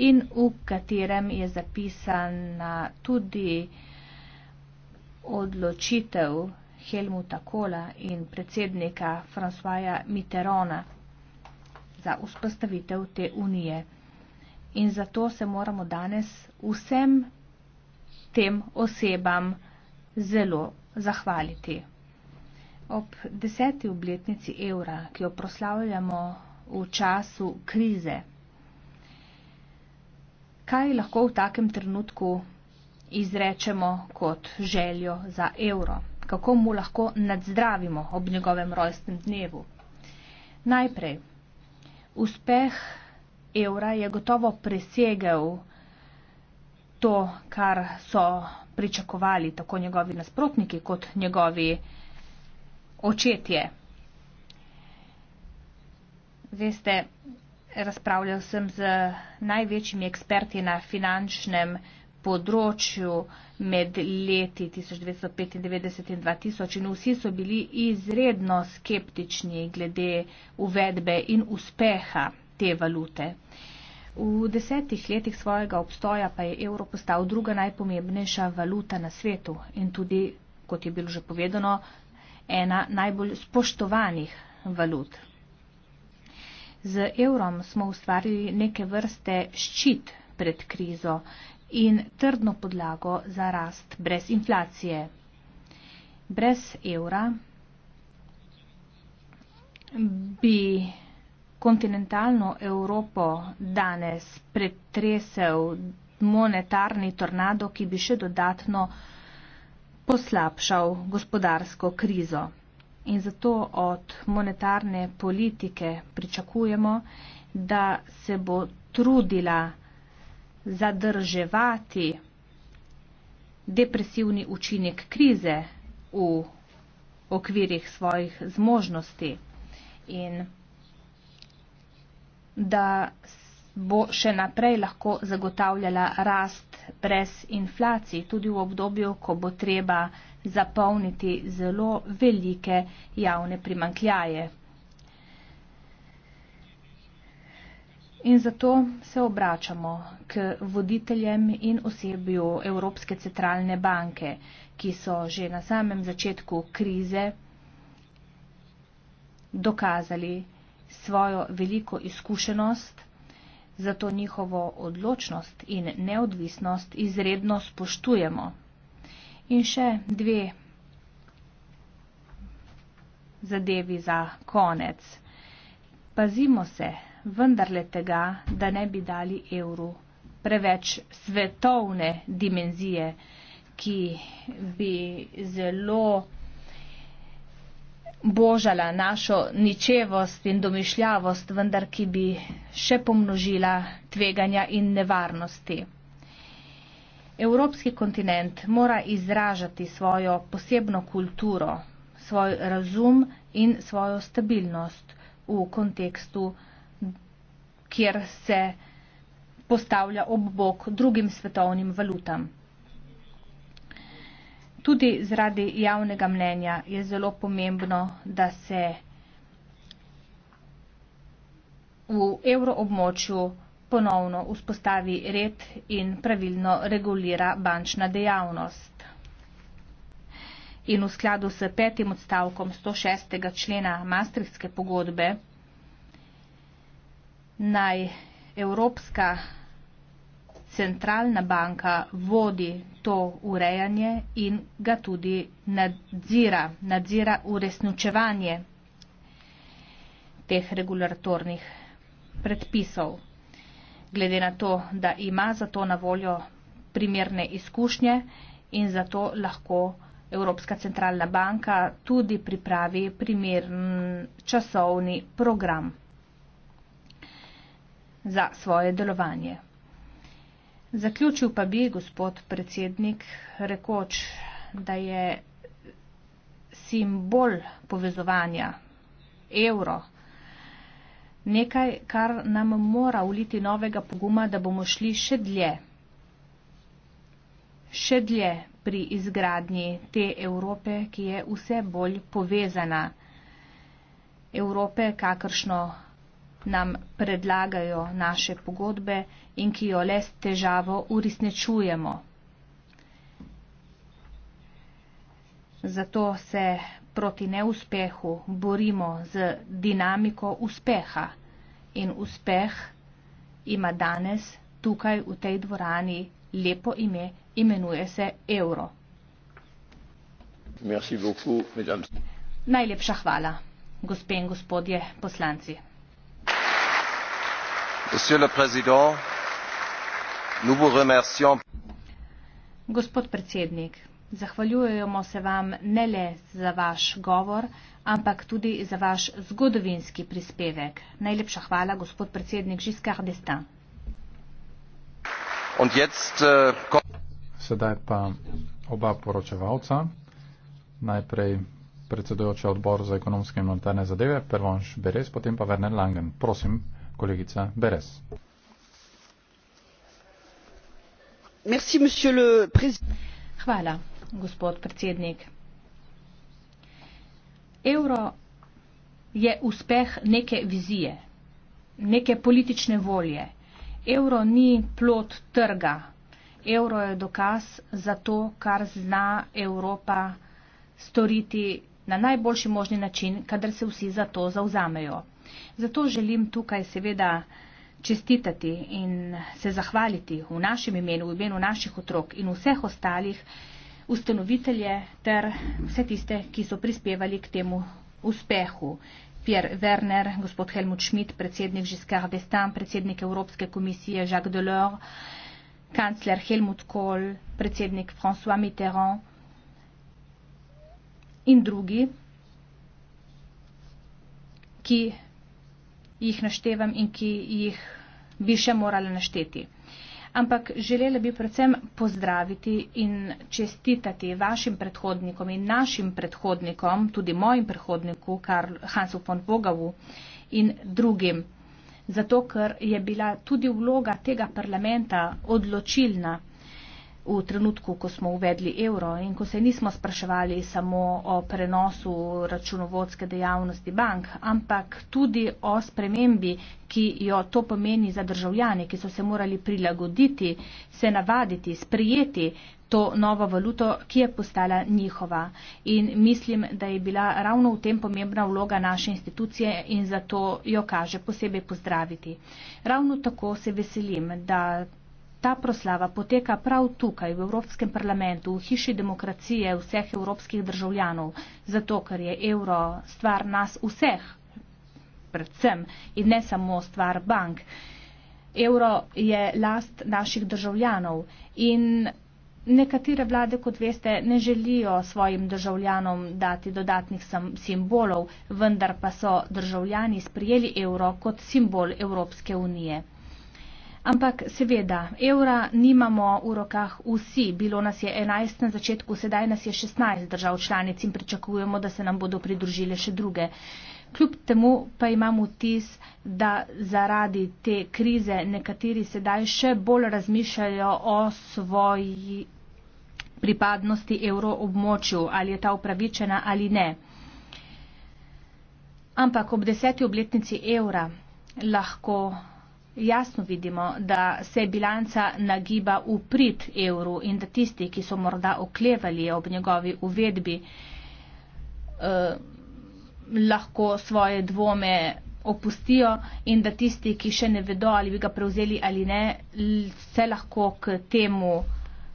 in v katerem je zapisana tudi odločitev Helmuta Kola in predsednika Fransvaja Mitterona za vzpostavitev te unije. In zato se moramo danes vsem tem osebam zelo zahvaliti. Ob deseti obletnici evra, ki jo proslavljamo v času krize, kaj lahko v takem trenutku izrečemo kot željo za evro? Kako mu lahko nadzdravimo ob njegovem rojstnem dnevu? Najprej, uspeh evra je gotovo presegel to, kar so pričakovali tako njegovi nasprotniki kot njegovi očetje. Veste, razpravljal sem z največjimi eksperti na finančnem področju med leti 1995 in 2000 in vsi so bili izredno skeptični glede uvedbe in uspeha te valute. Uh, V desetih letih svojega obstoja pa je evro postal druga najpomembnejša valuta na svetu in tudi, kot je bilo že povedano, ena najbolj spoštovanih valut. Z evrom smo ustvarili neke vrste ščit pred krizo in trdno podlago za rast brez inflacije. Brez evra bi kontinentalno Evropo danes pretresel monetarni tornado, ki bi še dodatno poslabšal gospodarsko krizo. In zato od monetarne politike pričakujemo, da se bo trudila zadrževati depresivni učinek krize v okvirih svojih zmožnosti. In da bo še naprej lahko zagotavljala rast brez inflacije, tudi v obdobju, ko bo treba zapolniti zelo velike javne primankljaje. In zato se obračamo k voditeljem in osebju Evropske centralne banke, ki so že na samem začetku krize dokazali, svojo veliko izkušenost, zato njihovo odločnost in neodvisnost izredno spoštujemo. In še dve zadevi za konec. Pazimo se vendarle tega, da ne bi dali evru preveč svetovne dimenzije, ki bi zelo božala našo ničevost in domišljavost, vendar ki bi še pomnožila tveganja in nevarnosti. Evropski kontinent mora izražati svojo posebno kulturo, svoj razum in svojo stabilnost v kontekstu, kjer se postavlja ob bok drugim svetovnim valutam tudi zaradi javnega mnenja je zelo pomembno, da se v evroobmočju ponovno vzpostavi red in pravilno regulira bančna dejavnost. In v skladu s petim odstavkom 106. člena Maastrichtske pogodbe naj Evropska centralna banka vodi to urejanje in ga tudi nadzira, nadzira uresničevanje teh regulatornih predpisov. Glede na to, da ima za to na voljo primerne izkušnje in zato lahko Evropska centralna banka tudi pripravi primern časovni program za svoje delovanje. Zaključil pa bi, gospod predsednik, rekoč, da je simbol povezovanja evro nekaj, kar nam mora uliti novega poguma, da bomo šli še dlje, še dlje pri izgradnji te Evrope, ki je vse bolj povezana. Evrope, kakršno nam predlagajo naše pogodbe in ki jo le s težavo uresničujemo. Zato se proti neuspehu borimo z dinamiko uspeha in uspeh ima danes tukaj v tej dvorani lepo ime, imenuje se Euro. Merci beaucoup, Najlepša hvala, gospe in gospodje poslanci. Gospod predsednik, zahvaljujemo se vam ne le za vaš govor, ampak tudi za vaš zgodovinski prispevek. Najlepša hvala, gospod predsednik Žiskar Destin. Und jetzt, uh, ko... Sedaj pa oba poročevalca. Najprej predsedujoča odbor za ekonomske in monetarne zadeve, Pervonš Beres, potem pa Werner Langen. Prosim, kolegica Beres. Hvala, gospod predsednik. Euro je uspeh neke vizije, neke politične volje. Euro ni plot trga. Euro je dokaz za to, kar zna Evropa storiti na najboljši možni način, kadar se vsi za to zauzamejo. Zato želim tukaj seveda čestitati in se zahvaliti v našem imenu, v imenu naših otrok in vseh ostalih ustanovitelje ter vse tiste, ki so prispevali k temu uspehu. Pierre Werner, gospod Helmut Schmidt, predsednik Žiskard Destin, predsednik Evropske komisije Jacques Delors, kancler Helmut Kohl, predsednik François Mitterrand in drugi, ki jih naštevam in ki jih bi še morala našteti. Ampak želela bi predvsem pozdraviti in čestitati vašim predhodnikom in našim predhodnikom, tudi mojim predhodniku, Karl Hansu von Bogavu in drugim, zato ker je bila tudi vloga tega parlamenta odločilna v trenutku, ko smo uvedli evro in ko se nismo spraševali samo o prenosu računovodske dejavnosti bank, ampak tudi o spremembi, ki jo to pomeni za državljane, ki so se morali prilagoditi, se navaditi, sprijeti to novo valuto, ki je postala njihova. In mislim, da je bila ravno v tem pomembna vloga naše institucije in zato jo kaže posebej pozdraviti. Ravno tako se veselim, da ta proslava poteka prav tukaj, v Evropskem parlamentu, v hiši demokracije vseh evropskih državljanov, zato ker je evro stvar nas vseh, predvsem in ne samo stvar bank. Evro je last naših državljanov in nekatere vlade, kot veste, ne želijo svojim državljanom dati dodatnih simbolov, vendar pa so državljani sprijeli evro kot simbol Evropske unije. Ampak seveda, evra nimamo v rokah vsi. Bilo nas je 11 na začetku, sedaj nas je 16 držav članic in pričakujemo, da se nam bodo pridružile še druge. Kljub temu pa imam vtis, da zaradi te krize nekateri sedaj še bolj razmišljajo o svoji pripadnosti evroobmočju, ali je ta upravičena ali ne. Ampak ob deseti obletnici evra lahko jasno vidimo, da se bilanca nagiba v prid evru in da tisti, ki so morda oklevali ob njegovi uvedbi, eh, lahko svoje dvome opustijo in da tisti, ki še ne vedo, ali bi ga prevzeli ali ne, se lahko k temu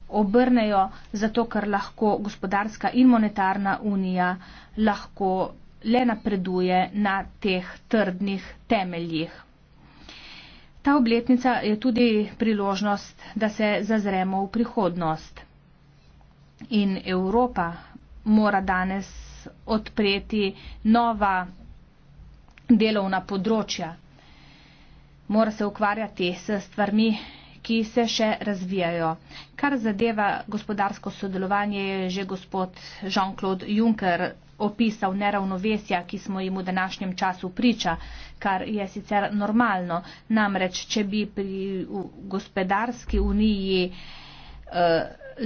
obrnejo, zato ker lahko gospodarska in monetarna unija lahko le napreduje na teh trdnih temeljih. Ta obletnica je tudi priložnost, da se zazremo v prihodnost. In Evropa mora danes odpreti nova delovna področja. Mora se ukvarjati s stvarmi, ki se še razvijajo. Kar zadeva gospodarsko sodelovanje, je že gospod Jean-Claude Juncker opisal neravnovesja, ki smo jim v današnjem času priča, kar je sicer normalno. Namreč, če bi pri gospodarski uniji eh,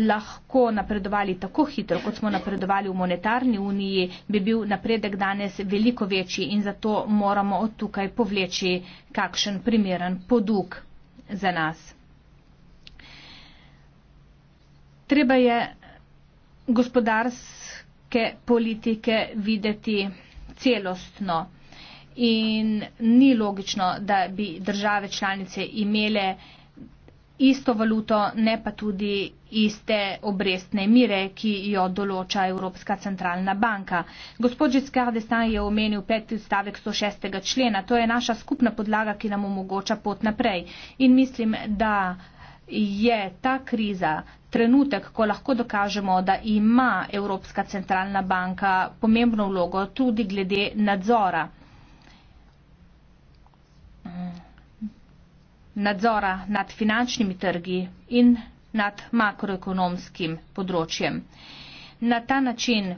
lahko napredovali tako hitro, kot smo napredovali v monetarni uniji, bi bil napredek danes veliko večji in zato moramo od tukaj povleči kakšen primeren poduk za nas. Treba je gospodarsko kmetijske politike videti celostno. In ni logično, da bi države članice imele isto valuto, ne pa tudi iste obrestne mire, ki jo določa Evropska centralna banka. Gospod Žiskar Destan je omenil peti odstavek 106. člena. To je naša skupna podlaga, ki nam omogoča pot naprej. In mislim, da je ta kriza trenutek, ko lahko dokažemo, da ima Evropska centralna banka pomembno vlogo tudi glede nadzora. nadzora nad finančnimi trgi in nad makroekonomskim področjem. Na ta način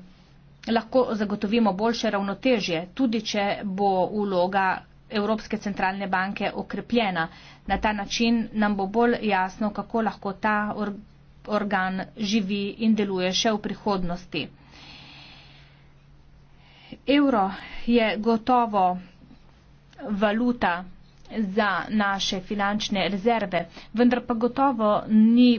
lahko zagotovimo boljše ravnotežje, tudi če bo vloga Evropske centralne banke okrepljena. Na ta način nam bo bolj jasno, kako lahko ta organ živi in deluje še v prihodnosti. Evro je gotovo valuta za naše finančne rezerve, vendar pa gotovo ni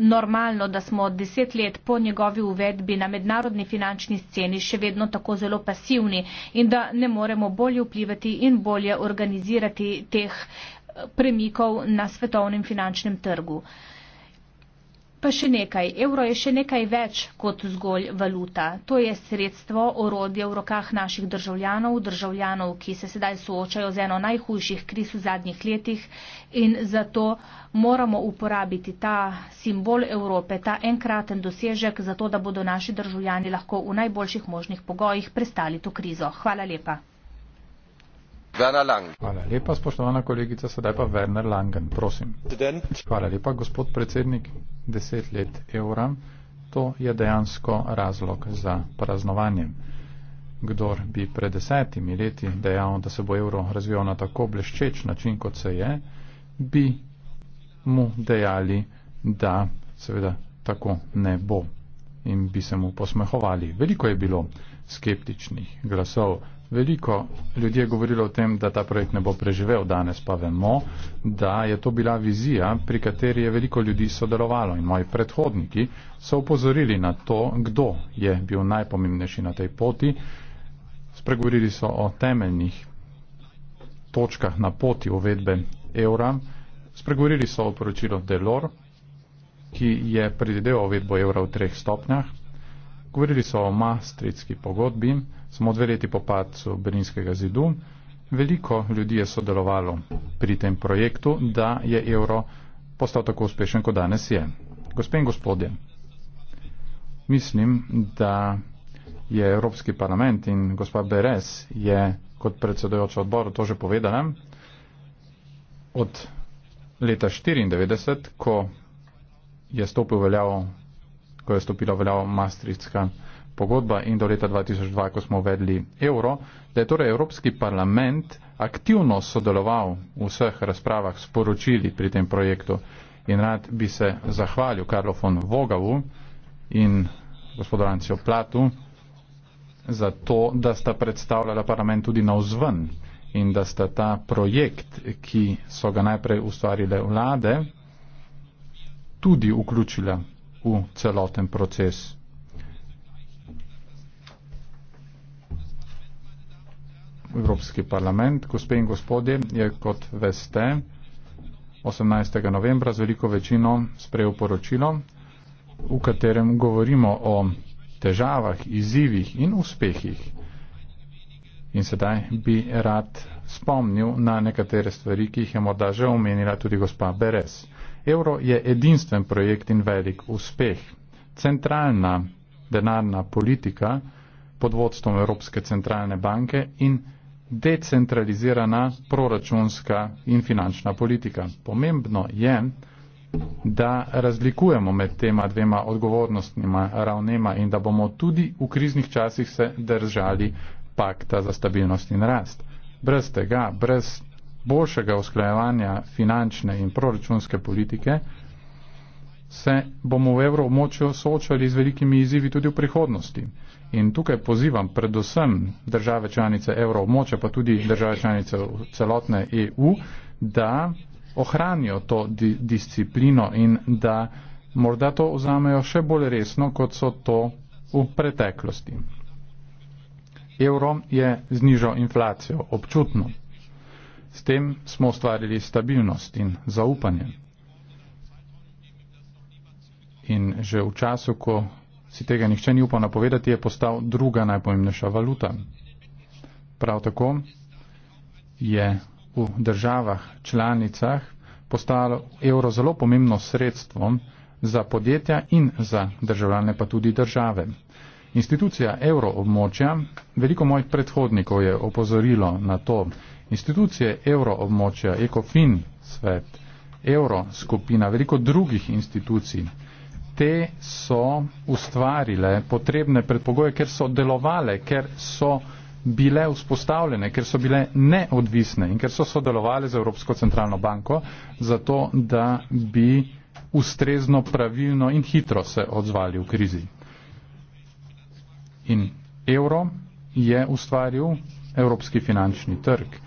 normalno, da smo deset let po njegovi uvedbi na mednarodni finančni sceni še vedno tako zelo pasivni in da ne moremo bolje vplivati in bolje organizirati teh eh, premikov na svetovnem finančnem trgu. Pa še nekaj, evro je še nekaj več kot zgolj valuta. To je sredstvo, orodje v rokah naših državljanov, državljanov, ki se sedaj soočajo z eno najhujših kriz v zadnjih letih in zato moramo uporabiti ta simbol Evrope, ta enkraten dosežek, zato da bodo naši državljani lahko v najboljših možnih pogojih prestali to krizo. Hvala lepa. Werner Langen. Hvala lepa, spoštovana kolegica, sedaj pa Werner Langen, prosim. Student. Hvala lepa, gospod predsednik, deset let evra. To je dejansko razlog za praznovanje. Kdor bi pred desetimi leti dejal, da se bo evro razvijal na tako bleščeč način, kot se je, bi mu dejali, da seveda tako ne bo in bi se mu posmehovali. Veliko je bilo skeptičnih glasov, veliko ljudi je govorilo o tem, da ta projekt ne bo preživel danes, pa vemo, da je to bila vizija, pri kateri je veliko ljudi sodelovalo in moji predhodniki so upozorili na to, kdo je bil najpomembnejši na tej poti. Spregovorili so o temeljnih točkah na poti uvedbe evra. Spregovorili so o poročilu Delor, ki je predvideval uvedbo evra v treh stopnjah. Govorili so o Maastrichtski pogodbi. Samo dve leti po padcu Berlinskega zidu veliko ljudi je sodelovalo pri tem projektu, da je evro postal tako uspešen, kot danes je. Gospe in gospodje, mislim, da je Evropski parlament in gospa Beres je kot predsedojoča odboru to že povedala, od leta 1994, ko je stopil veljavo, ko je stopila veljavo Maastrichtska pogodba in do leta 2002, ko smo uvedli evro, da je torej Evropski parlament aktivno sodeloval v vseh razpravah s poročili pri tem projektu. In rad bi se zahvalil Karlo von Vogavu in gospodu Rancijo Platu za to, da sta predstavljala parlament tudi na vzven in da sta ta projekt, ki so ga najprej ustvarile vlade, tudi vključila v celoten proces Evropski parlament. Gospe in gospodje, je kot veste 18. novembra z veliko večino sprejel poročilo, v katerem govorimo o težavah, izzivih in uspehih. In sedaj bi rad spomnil na nekatere stvari, ki jih je morda že omenila tudi gospa Beres. Evro je edinstven projekt in velik uspeh. Centralna denarna politika pod vodstvom Evropske centralne banke in decentralizirana proračunska in finančna politika. Pomembno je, da razlikujemo med tema dvema odgovornostnima ravnema in da bomo tudi v kriznih časih se držali pakta za stabilnost in rast. Brez tega, brez boljšega usklajevanja finančne in proračunske politike, se bomo v evroobmočju soočali z velikimi izzivi tudi v prihodnosti. In tukaj pozivam predvsem države članice evroobmoče, pa tudi države članice celotne EU, da ohranijo to di disciplino in da morda to vzamejo še bolj resno, kot so to v preteklosti. Evro je znižal inflacijo občutno. S tem smo ustvarili stabilnost in zaupanje. In že v času, ko si tega nihče ni upal napovedati, je postal druga najpomembnejša valuta. Prav tako je v državah članicah postalo evro zelo pomembno sredstvo za podjetja in za državljane, pa tudi države. Institucija evroobmočja, veliko mojih predhodnikov je opozorilo na to, institucije evroobmočja, ECOFIN svet, evro skupina, veliko drugih institucij te so ustvarile potrebne predpogoje, ker so delovale, ker so bile vzpostavljene, ker so bile neodvisne in ker so sodelovali z Evropsko centralno banko, zato da bi ustrezno, pravilno in hitro se odzvali v krizi. In evro je ustvaril evropski finančni trg.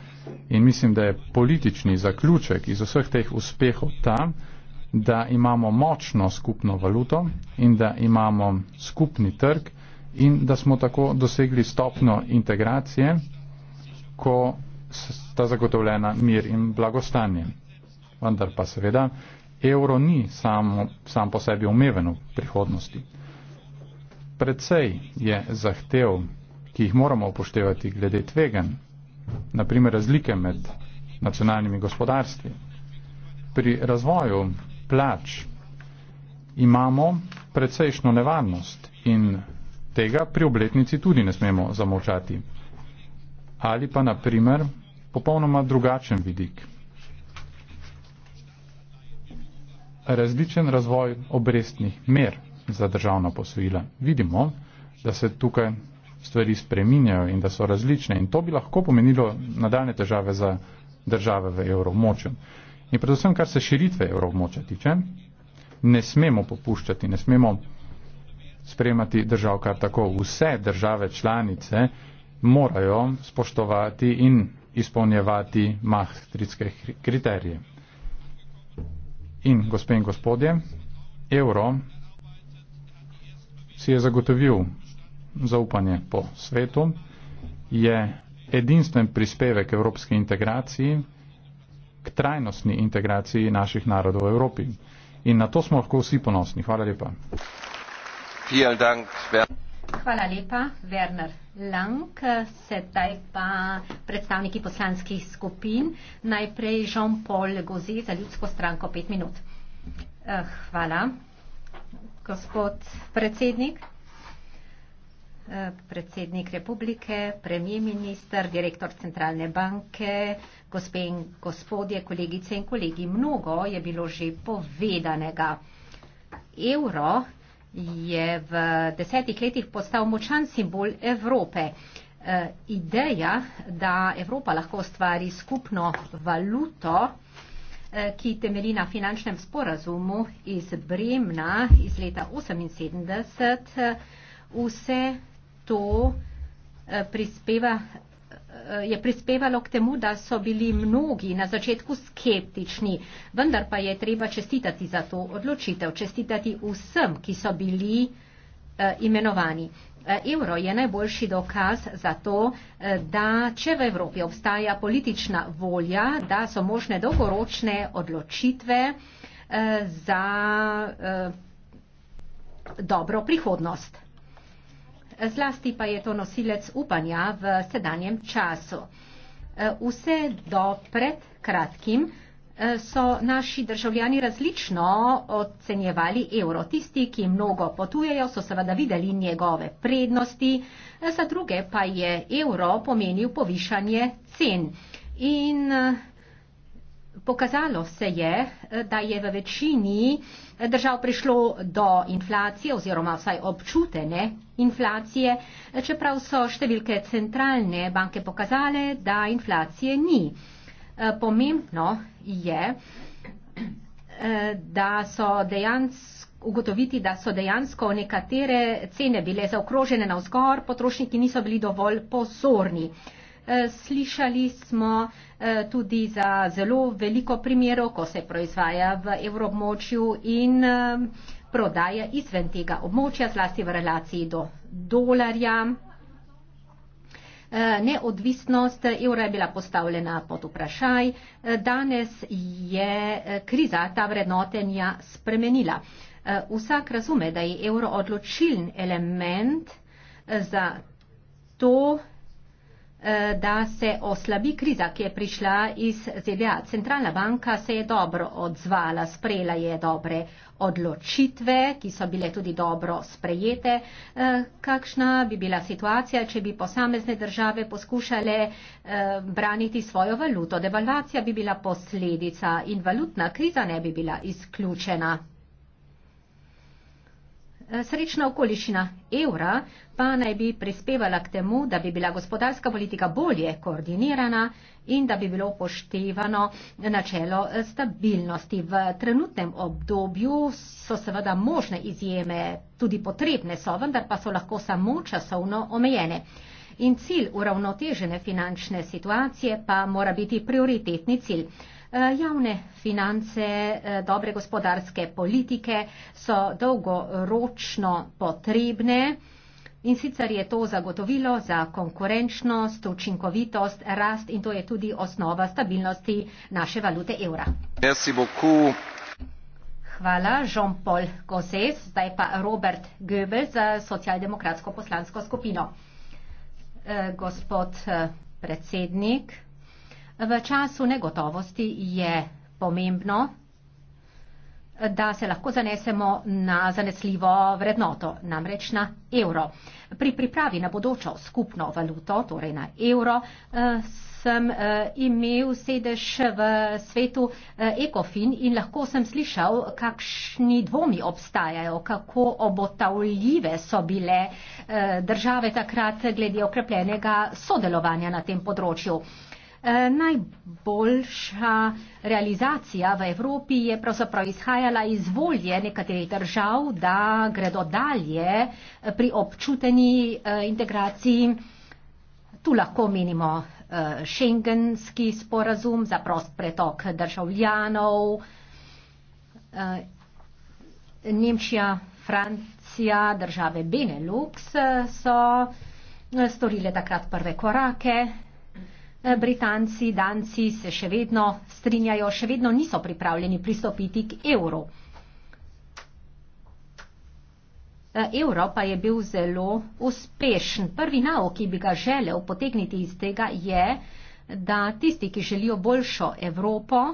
In mislim, da je politični zaključek iz vseh teh uspehov tam, da imamo močno skupno valuto in da imamo skupni trg in da smo tako dosegli stopno integracije, ko sta zagotovljena mir in blagostanje. Vendar pa seveda evro ni samo, sam po sebi umeven v prihodnosti. Predvsej je zahtev, ki jih moramo upoštevati glede tvegan, naprimer razlike med nacionalnimi gospodarstvi. Pri razvoju plač. Imamo precejšno nevarnost in tega pri obletnici tudi ne smemo zamolčati. Ali pa, na primer, popolnoma drugačen vidik. Različen razvoj obrestnih mer za državna posojila. Vidimo, da se tukaj stvari spreminjajo in da so različne in to bi lahko pomenilo nadaljne težave za države v evromočju. In predvsem, kar se širitve evroobmočja tiče, ne smemo popuščati, ne smemo spremati držav kar tako. Vse države članice morajo spoštovati in izpolnjevati mahtritske kriterije. In, gospe in gospodje, evro si je zagotovil zaupanje po svetu, je edinstven prispevek evropske integracije, k trajnostni integraciji naših narodov v Evropi. In na to smo lahko vsi ponosni. Hvala lepa. Hvala lepa, Werner Lang. Sedaj pa predstavniki poslanskih skupin. Najprej Jean-Paul Gozi za ljudsko stranko pet minut. Eh, hvala, gospod predsednik. Eh, predsednik republike, premijer minister, direktor centralne banke, gospe in gospodje, kolegice in kolegi. Mnogo je bilo že povedanega. Euro je v desetih letih postal močan simbol Evrope. Eh, ideja, da Evropa lahko ustvari skupno valuto, eh, ki temelji na finančnem sporazumu iz Bremna iz leta 1978, vse to eh, prispeva, eh, je prispevalo k temu, da so bili mnogi na začetku skeptični, vendar pa je treba čestitati za to odločitev, čestitati vsem, ki so bili eh, imenovani. Evro je najboljši dokaz za to, da če v Evropi obstaja politična volja, da so možne dolgoročne odločitve za dobro prihodnost. Zlasti pa je to nosilec upanja v sedanjem času. E, vse do pred kratkim e, so naši državljani različno ocenjevali evro. Tisti, ki mnogo potujejo, so seveda videli njegove prednosti, e, za druge pa je evro pomenil povišanje cen. In Pokazalo se je, da je v večini držav prišlo do inflacije oziroma vsaj občutene inflacije, čeprav so številke centralne banke pokazale, da inflacije ni. Pomembno je da so dejansko, ugotoviti, da so dejansko nekatere cene bile zaokrožene na vzgor, potrošniki niso bili dovolj pozorni. Slišali smo Eh, tudi za zelo veliko primerov, ko se proizvaja v evrobmočju in eh, prodaja izven tega območja, zlasti v relaciji do dolarja. Eh, neodvisnost evra je bila postavljena pod vprašaj. Danes je kriza ta vrednotenja spremenila. Vsak razume, da je evro odločilen element za to, Eh, da se oslabi kriza, ki je prišla iz ZDA. Centralna banka se je dobro odzvala, sprejela je dobre odločitve, ki so bile tudi dobro sprejete. Eh, kakšna bi bila situacija, če bi posamezne države poskušale eh, braniti svojo valuto? Devalvacija bi bila posledica in valutna kriza ne bi bila izključena. Srečna okoliščina evra pa naj bi prispevala k temu, da bi bila gospodarska politika bolje koordinirana in da bi bilo poštevano načelo stabilnosti. V trenutnem obdobju so seveda možne izjeme, tudi potrebne so, vendar pa so lahko samo časovno omejene. In cilj uravnotežene finančne situacije pa mora biti prioritetni cilj. Eh, javne finance eh, dobre gospodarske politike so dolgoročno potrebne in sicer je to zagotovilo za konkurenčnost, učinkovitost, rast in to je tudi osnova stabilnosti naše valute evra. Merci Hvala, Jean-Paul Gosses, zdaj pa Robert Goebbels za socialdemokratsko poslansko skupino. Eh, gospod predsednik. V času negotovosti je pomembno, da se lahko zanesemo na zanesljivo vrednoto, namreč na evro. Pri pripravi na bodočo skupno valuto, torej na evro, eh, sem eh, imel sedež v svetu ECOFIN eh, in lahko sem slišal, kakšni dvomi obstajajo, kako obotavljive so bile države takrat glede okrepljenega sodelovanja na tem področju. Eh, najboljša realizacija v Evropi je pravzaprav izhajala iz volje nekaterih držav, da gredo dalje pri občuteni eh, integraciji. Tu lahko menimo eh, šengenski sporazum za prost pretok državljanov. Nemčija, Francija, države Benelux so storile takrat prve korake, Britanci, Danci se še vedno strinjajo, še vedno niso pripravljeni pristopiti k evru. Evro pa je bil zelo uspešen. Prvi nauk, ki bi ga želel potegniti iz tega, je, da tisti, ki želijo boljšo Evropo,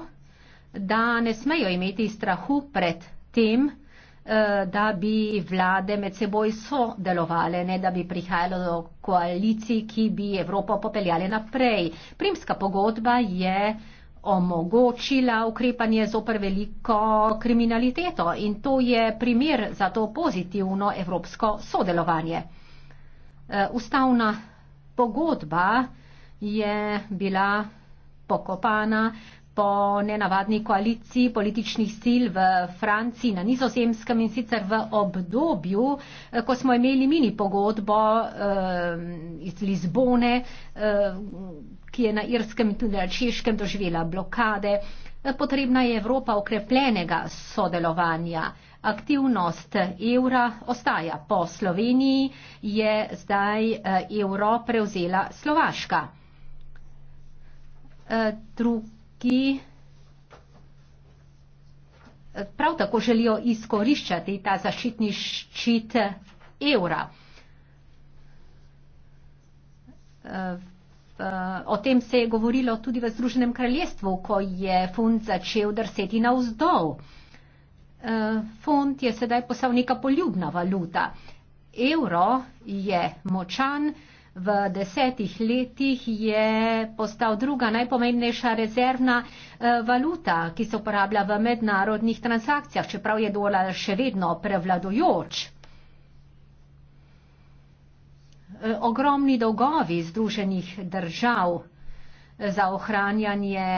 da ne smejo imeti strahu pred tem, Eh, da bi vlade med seboj sodelovale, ne da bi prihajalo do koalicij, ki bi Evropo popeljali naprej. Primska pogodba je omogočila ukrepanje zoper veliko kriminaliteto in to je primer za to pozitivno evropsko sodelovanje. Eh, ustavna pogodba je bila pokopana po nenavadni koaliciji političnih sil v Franciji na nizozemskem in sicer v obdobju, eh, ko smo imeli mini pogodbo eh, iz Lizbone, eh, ki je na irskem in tudi na češkem doživela blokade. Eh, potrebna je Evropa okrepljenega sodelovanja. Aktivnost evra ostaja. Po Sloveniji je zdaj eh, evro prevzela Slovaška. Drug ki eh, prav tako želijo izkoriščati ta zaščitni ščit eh, evra. Eh, o tem se je govorilo tudi v Združenem kraljestvu, ko je fond začel drseti navzdol. Fond je sedaj postal neka poljubna valuta. Evro je močan, v desetih letih je postal druga najpomembnejša rezervna eh, valuta, ki se uporablja v mednarodnih transakcijah, čeprav je dolar še vedno prevladojoč. Eh, ogromni dolgovi združenih držav eh, za ohranjanje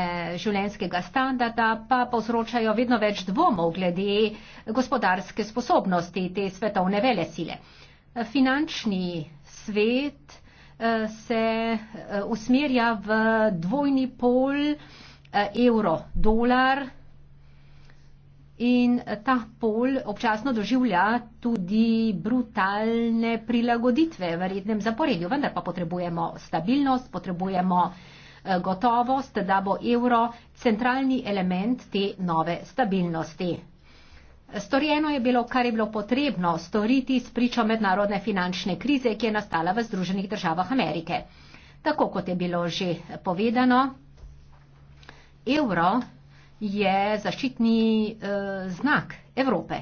življenskega standarda pa povzročajo vedno več dvomov glede gospodarske sposobnosti te svetovne vele sile. Finančni svet Eh, se eh, usmerja v dvojni pol eh, evro, dolar. In ta pol občasno doživlja tudi brutalne prilagoditve v rednem zaporedju, vendar pa potrebujemo stabilnost, potrebujemo gotovost, da bo evro centralni element te nove stabilnosti. Storjeno je bilo, kar je bilo potrebno storiti s pričo mednarodne finančne krize, ki je nastala v Združenih državah Amerike. Tako kot je bilo že povedano, evro je zaščitni eh, znak Evrope.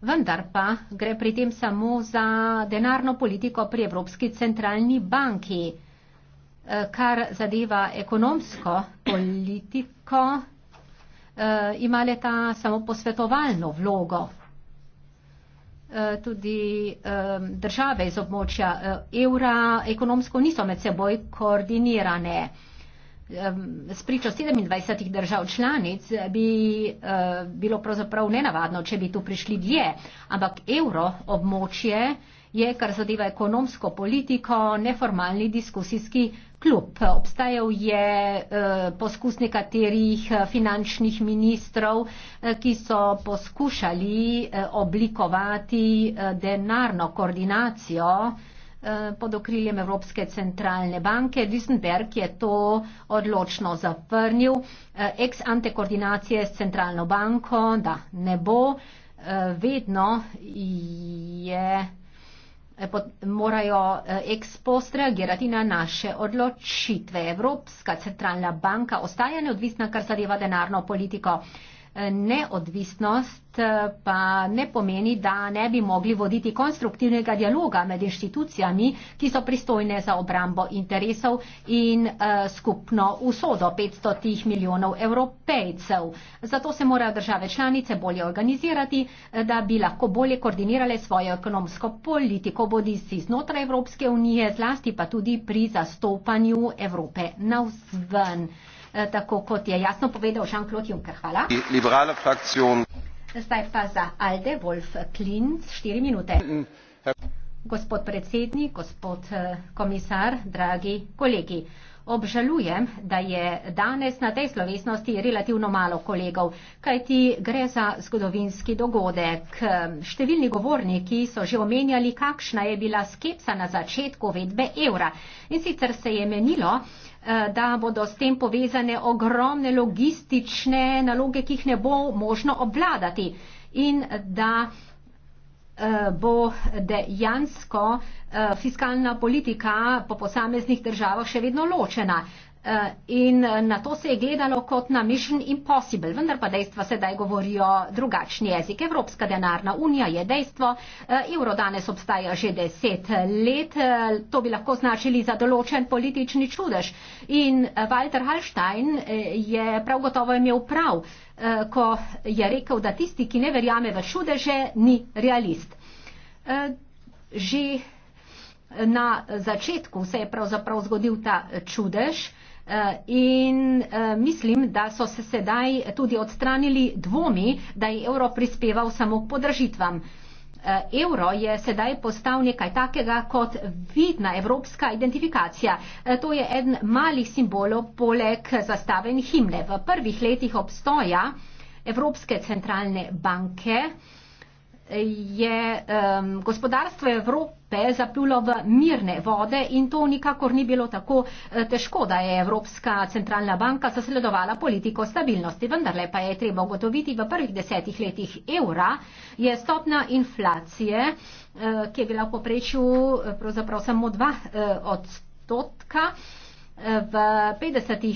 Vendar pa gre pri tem samo za denarno politiko pri Evropski centralni banki, eh, kar zadeva ekonomsko politiko uh, eh, imale ta samo posvetovalno vlogo. Eh, tudi um, države iz območja uh, evra ekonomsko niso med seboj koordinirane. Um, s pričo 27 držav članic bi uh, bilo pravzaprav nenavadno, če bi tu prišli dje, ampak evro območje je, kar zadeva ekonomsko politiko, neformalni diskusijski Kljub obstajal je eh, poskus nekaterih eh, finančnih ministrov, eh, ki so poskušali oblikovati denarno koordinacijo pod okriljem Evropske centralne banke. Düsselberg je to odločno zavrnil. Ex ante koordinacije s centralno banko, da ne bo, vedno je. Eh, morajo eh, ex post reagirati na naše odločitve. Evropska centralna banka ostaja neodvisna, kar zadeva denarno politiko. Neodvisnost eh, pa ne pomeni, da ne bi mogli voditi konstruktivnega dialoga med inštitucijami, ki so pristojne za obrambo interesov in eh, skupno usodo 500 milijonov evropejcev. Zato se morajo države članice bolje organizirati, eh, da bi lahko bolje koordinirale svojo ekonomsko politiko, bodi si znotraj Evropske unije, zlasti pa tudi pri zastopanju Evrope navzven. Eh, tako kot je jasno povedal Jean-Claude Juncker. Hvala. Liberale frakcion. Zdaj pa za Alde, Wolf Klin, štiri minute. Gospod predsednik, gospod eh, komisar, dragi kolegi. Obžalujem, da je danes na tej slovesnosti relativno malo kolegov, kajti gre za zgodovinski dogodek. Številni govorniki so že omenjali, kakšna je bila skepsa na začetku vedbe evra. In sicer se je menilo, eh, da bodo s tem povezane ogromne logistične naloge, ki jih ne bo možno obvladati. In da Eh, bo dejansko eh, fiskalna politika po posameznih državah še vedno ločena. Eh, in eh, na to se je gledalo kot na Mission Impossible, vendar pa dejstva sedaj govorijo drugačni jezik. Evropska denarna unija je dejstvo, eh, evro danes obstaja že deset let, to bi lahko značili za določen politični čudež. In Walter Hallstein je prav gotovo imel prav, ko je rekel, da tisti, ki ne verjame v čudeže, ni realist. Že na začetku se je pravzaprav zgodil ta čudež, Eh, in eh, mislim, da so se sedaj tudi odstranili dvomi, da je evro prispeval samo k podražitvam. Eh, evro je sedaj postal nekaj takega kot vidna evropska identifikacija. To je eden malih simbolov poleg zastave in himne. V prvih letih obstoja Evropske centralne banke je um, gospodarstvo Evrope zaplulo v mirne vode in to nikakor ni bilo tako eh, težko, da je Evropska centralna banka zasledovala politiko stabilnosti. Vendarle pa je treba ugotoviti, v prvih desetih letih evra je stopna inflacije, uh, ki je bila v poprečju eh, pravzaprav samo dva uh, odstotka, v 50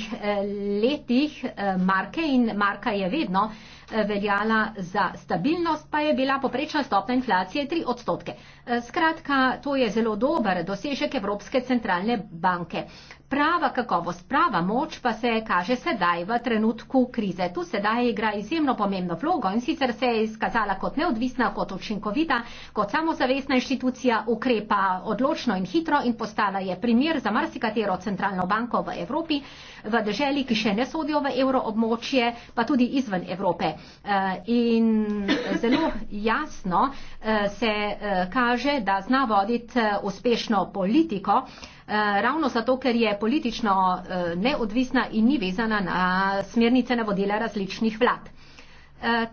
letih marke in marka je vedno Eh, veljala za stabilnost, pa je bila poprečna stopna inflacije 3 odstotke. Eh, skratka, to je zelo dober dosežek Evropske centralne banke. Prava kakovost, prava moč pa se kaže sedaj v trenutku krize. Tu sedaj igra izjemno pomembno vlogo in sicer se je izkazala kot neodvisna, kot učinkovita, kot samozavestna inštitucija, ukrepa odločno in hitro in postala je primer za marsikatero centralno banko v Evropi v državi, ki še ne sodijo v evroobmočje, pa tudi izven Evrope. Eh, in zelo jasno eh, se eh, kaže, da zna voditi uspešno politiko, ravno zato, ker je politično neodvisna in ni vezana na smernice navodila različnih vlad.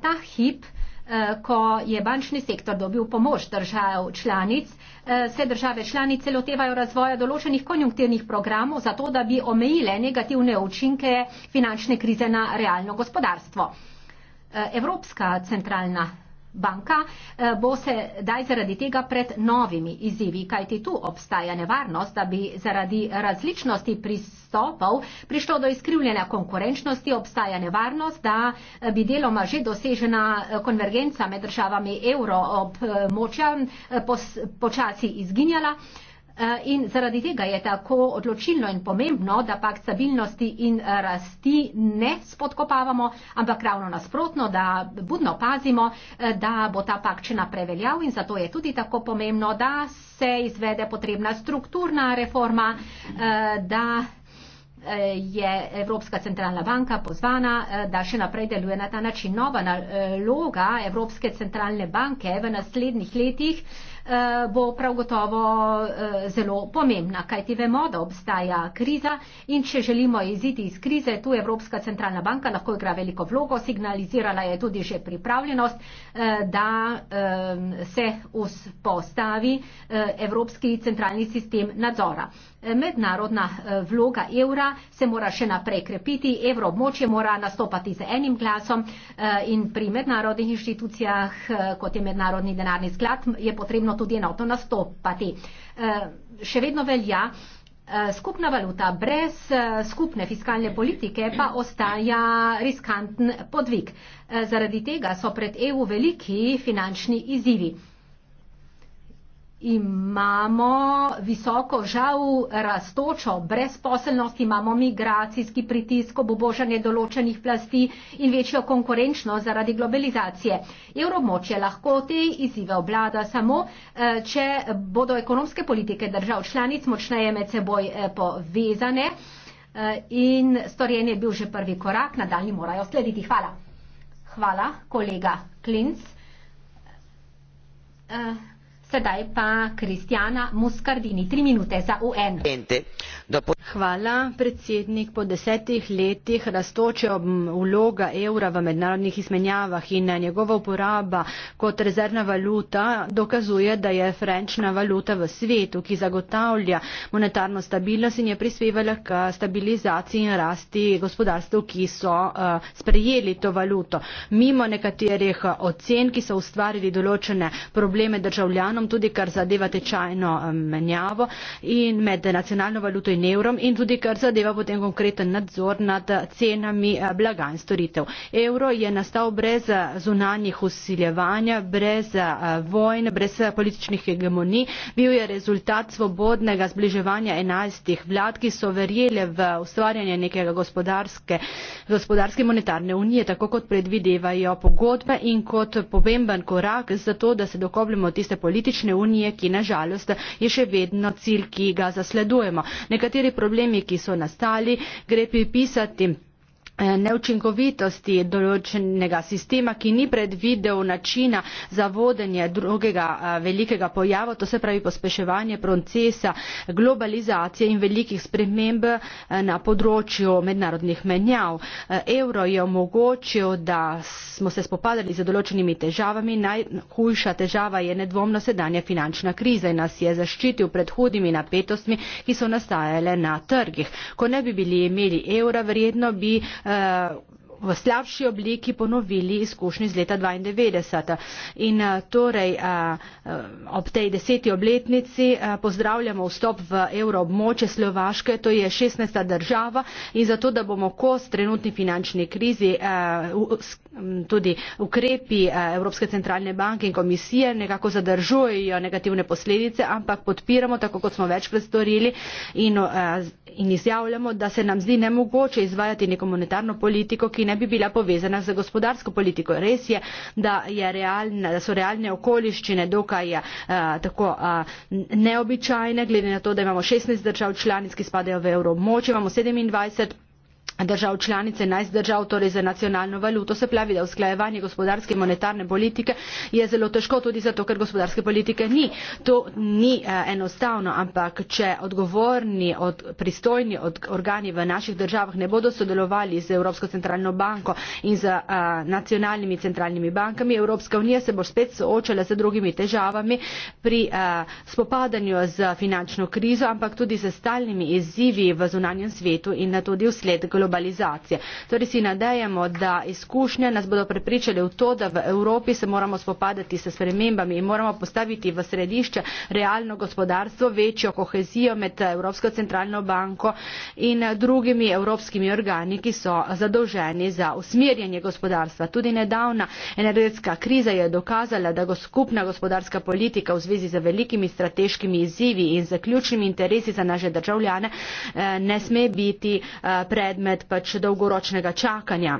Ta hip Eh, ko je bančni sektor dobil pomoč držav članic. Vse eh, države članice lotevajo razvoja določenih konjunkturnih programov za to, da bi omejile negativne učinke finančne krize na realno gospodarstvo. Eh, Evropska centralna Banka eh, bo se daj zaradi tega pred novimi izzivi, kajti tu obstaja nevarnost, da bi zaradi različnosti pristopov prišlo do izkrivljene konkurenčnosti, obstaja nevarnost, da eh, bi deloma že dosežena eh, konvergenca med državami evro ob močjem počasi izginjala. Eh, in zaradi tega je tako odločilno in pomembno, da pak stabilnosti in eh, rasti ne spodkopavamo, ampak ravno nasprotno, da budno pazimo, eh, da bo ta pak če naprej veljal in zato je tudi tako pomembno, da se izvede potrebna strukturna reforma, da je Evropska centralna banka pozvana, da še naprej deluje na ta način. Nova naloga Evropske centralne banke v naslednjih letih Eh, bo prav gotovo eh, zelo pomembna, kajti vemo, da obstaja kriza in če želimo iziti iz krize, tu Evropska centralna banka lahko igra veliko vlogo, signalizirala je tudi že pripravljenost, eh, da se vzpostavi Evropski centralni sistem nadzora mednarodna eh, vloga evra se mora še naprej krepiti, evroobmočje mora nastopati z enim glasom eh, in pri mednarodnih inštitucijah, eh, kot je mednarodni denarni sklad, je potrebno tudi enotno nastopati. Še vedno velja, skupna valuta brez skupne fiskalne politike pa ostaja riskanten podvig. Zaradi tega so pred EU veliki finančni izzivi imamo visoko, žal, rastočo brezposelnost, imamo migracijski pritisk, obubožanje določenih plasti in večjo konkurenčnost zaradi globalizacije. Evromočje lahko te izzive oblada samo, eh, če bodo ekonomske politike držav članic močneje med seboj eh, povezane eh, in storjen je bil že prvi korak, nadaljni morajo slediti. Hvala. Hvala, kolega Klinc. Uh. Sedaj pa Kristjana Muskardini, tri minute za UN. Hvala, predsednik. Po desetih letih raztoče vloga evra v mednarodnih izmenjavah in njegova uporaba kot rezervna valuta dokazuje, da je frančna valuta v svetu, ki zagotavlja monetarno stabilnost in je prispevala k stabilizaciji in rasti gospodarstv, ki so eh, sprejeli to valuto. Mimo nekaterih ocen, ki so ustvarili določene probleme državljanov, zakonom tudi kar zadeva tečajno menjavo in med nacionalno valuto in evrom in tudi kar zadeva potem konkreten nadzor nad eh, cenami eh, blaga in storitev. Evro je nastal brez eh, zunanjih usiljevanja, brez vojn, brez političnih hegemonij. Bil je rezultat svobodnega zbliževanja enajstih vlad, ki so verjele v ustvarjanje nekega gospodarske, gospodarske monetarne unije, tako kot predvidevajo pogodbe in kot pomemben korak za to, da se dokobljamo tiste politične politične unije ki na žalost je še vedno cilj ki ga zasledujemo. nekateri problemi ki so nastali gre pripisati Eh, neučinkovitosti določenega sistema ki ni predvidel načina za vodenje drugega eh, velikega pojava to se pravi pospeševanje procesa globalizacije in velikih sprememb eh, na področju mednarodnih menjav. evro je omogočil da smo se spopadali z določenimi težavami najhujša težava je nedvomno sedanja finančna kriza in nas je zaščitil pred hudimi napetostmi ki so nastajale na trgih. ko ne bi bili imeli evra verjetno bi uh, v slabši obliki ponovili izkušnji iz leta 92. In eh, torej eh, eh, ob tej deseti obletnici pozdravljamo vstop v evroobmoče Slovaške, to je 16. država in zato, da bomo kos trenutni finančni krizi tudi ukrepi Evropske centralne banke in komisije nekako zadržujejo negativne posledice, ampak podpiramo, tako kot smo večkrat storili in, in izjavljamo, da se nam zdi nemogoče izvajati neko monetarno politiko, ki ne ne bi bila povezana z gospodarsko politiko. res je da, je realne, da so realne okoliščine dokaj a, eh, tako a, eh, neobičajne glede na to da imamo šestnajst držav članic ki spadajo v evroobmočje imamo sedemindvajset držav članic 11 držav torej za nacionalno valuto se plavi, da usklajevanje gospodarske in monetarne politike je zelo težko tudi zato, ker gospodarske politike ni. To ni eh, enostavno, ampak če odgovorni, od, pristojni od organi v naših državah ne bodo sodelovali z Evropsko centralno banko in z a, eh, nacionalnimi centralnimi bankami, Evropska unija se bo spet soočala z drugimi težavami pri a, eh, spopadanju z finančno krizo, ampak tudi z stalnimi izzivi v zunanjem svetu in tudi vsled globalnega globalizacije. Torej si nadejamo, da izkušnje nas bodo prepričali v to, da v Evropi se moramo spopadati s spremembami in moramo postaviti v središče realno gospodarstvo, večjo kohezijo med Evropsko centralno banko in drugimi evropskimi organi, ki so zadolženi za usmerjanje gospodarstva. Tudi nedavna energetska kriza je dokazala, da go skupna gospodarska politika v zvezi z velikimi strateškimi izzivi in zaključnimi interesi za naše državljane eh, ne sme biti eh, predmet zaradi pač dolgoročnega čakanja.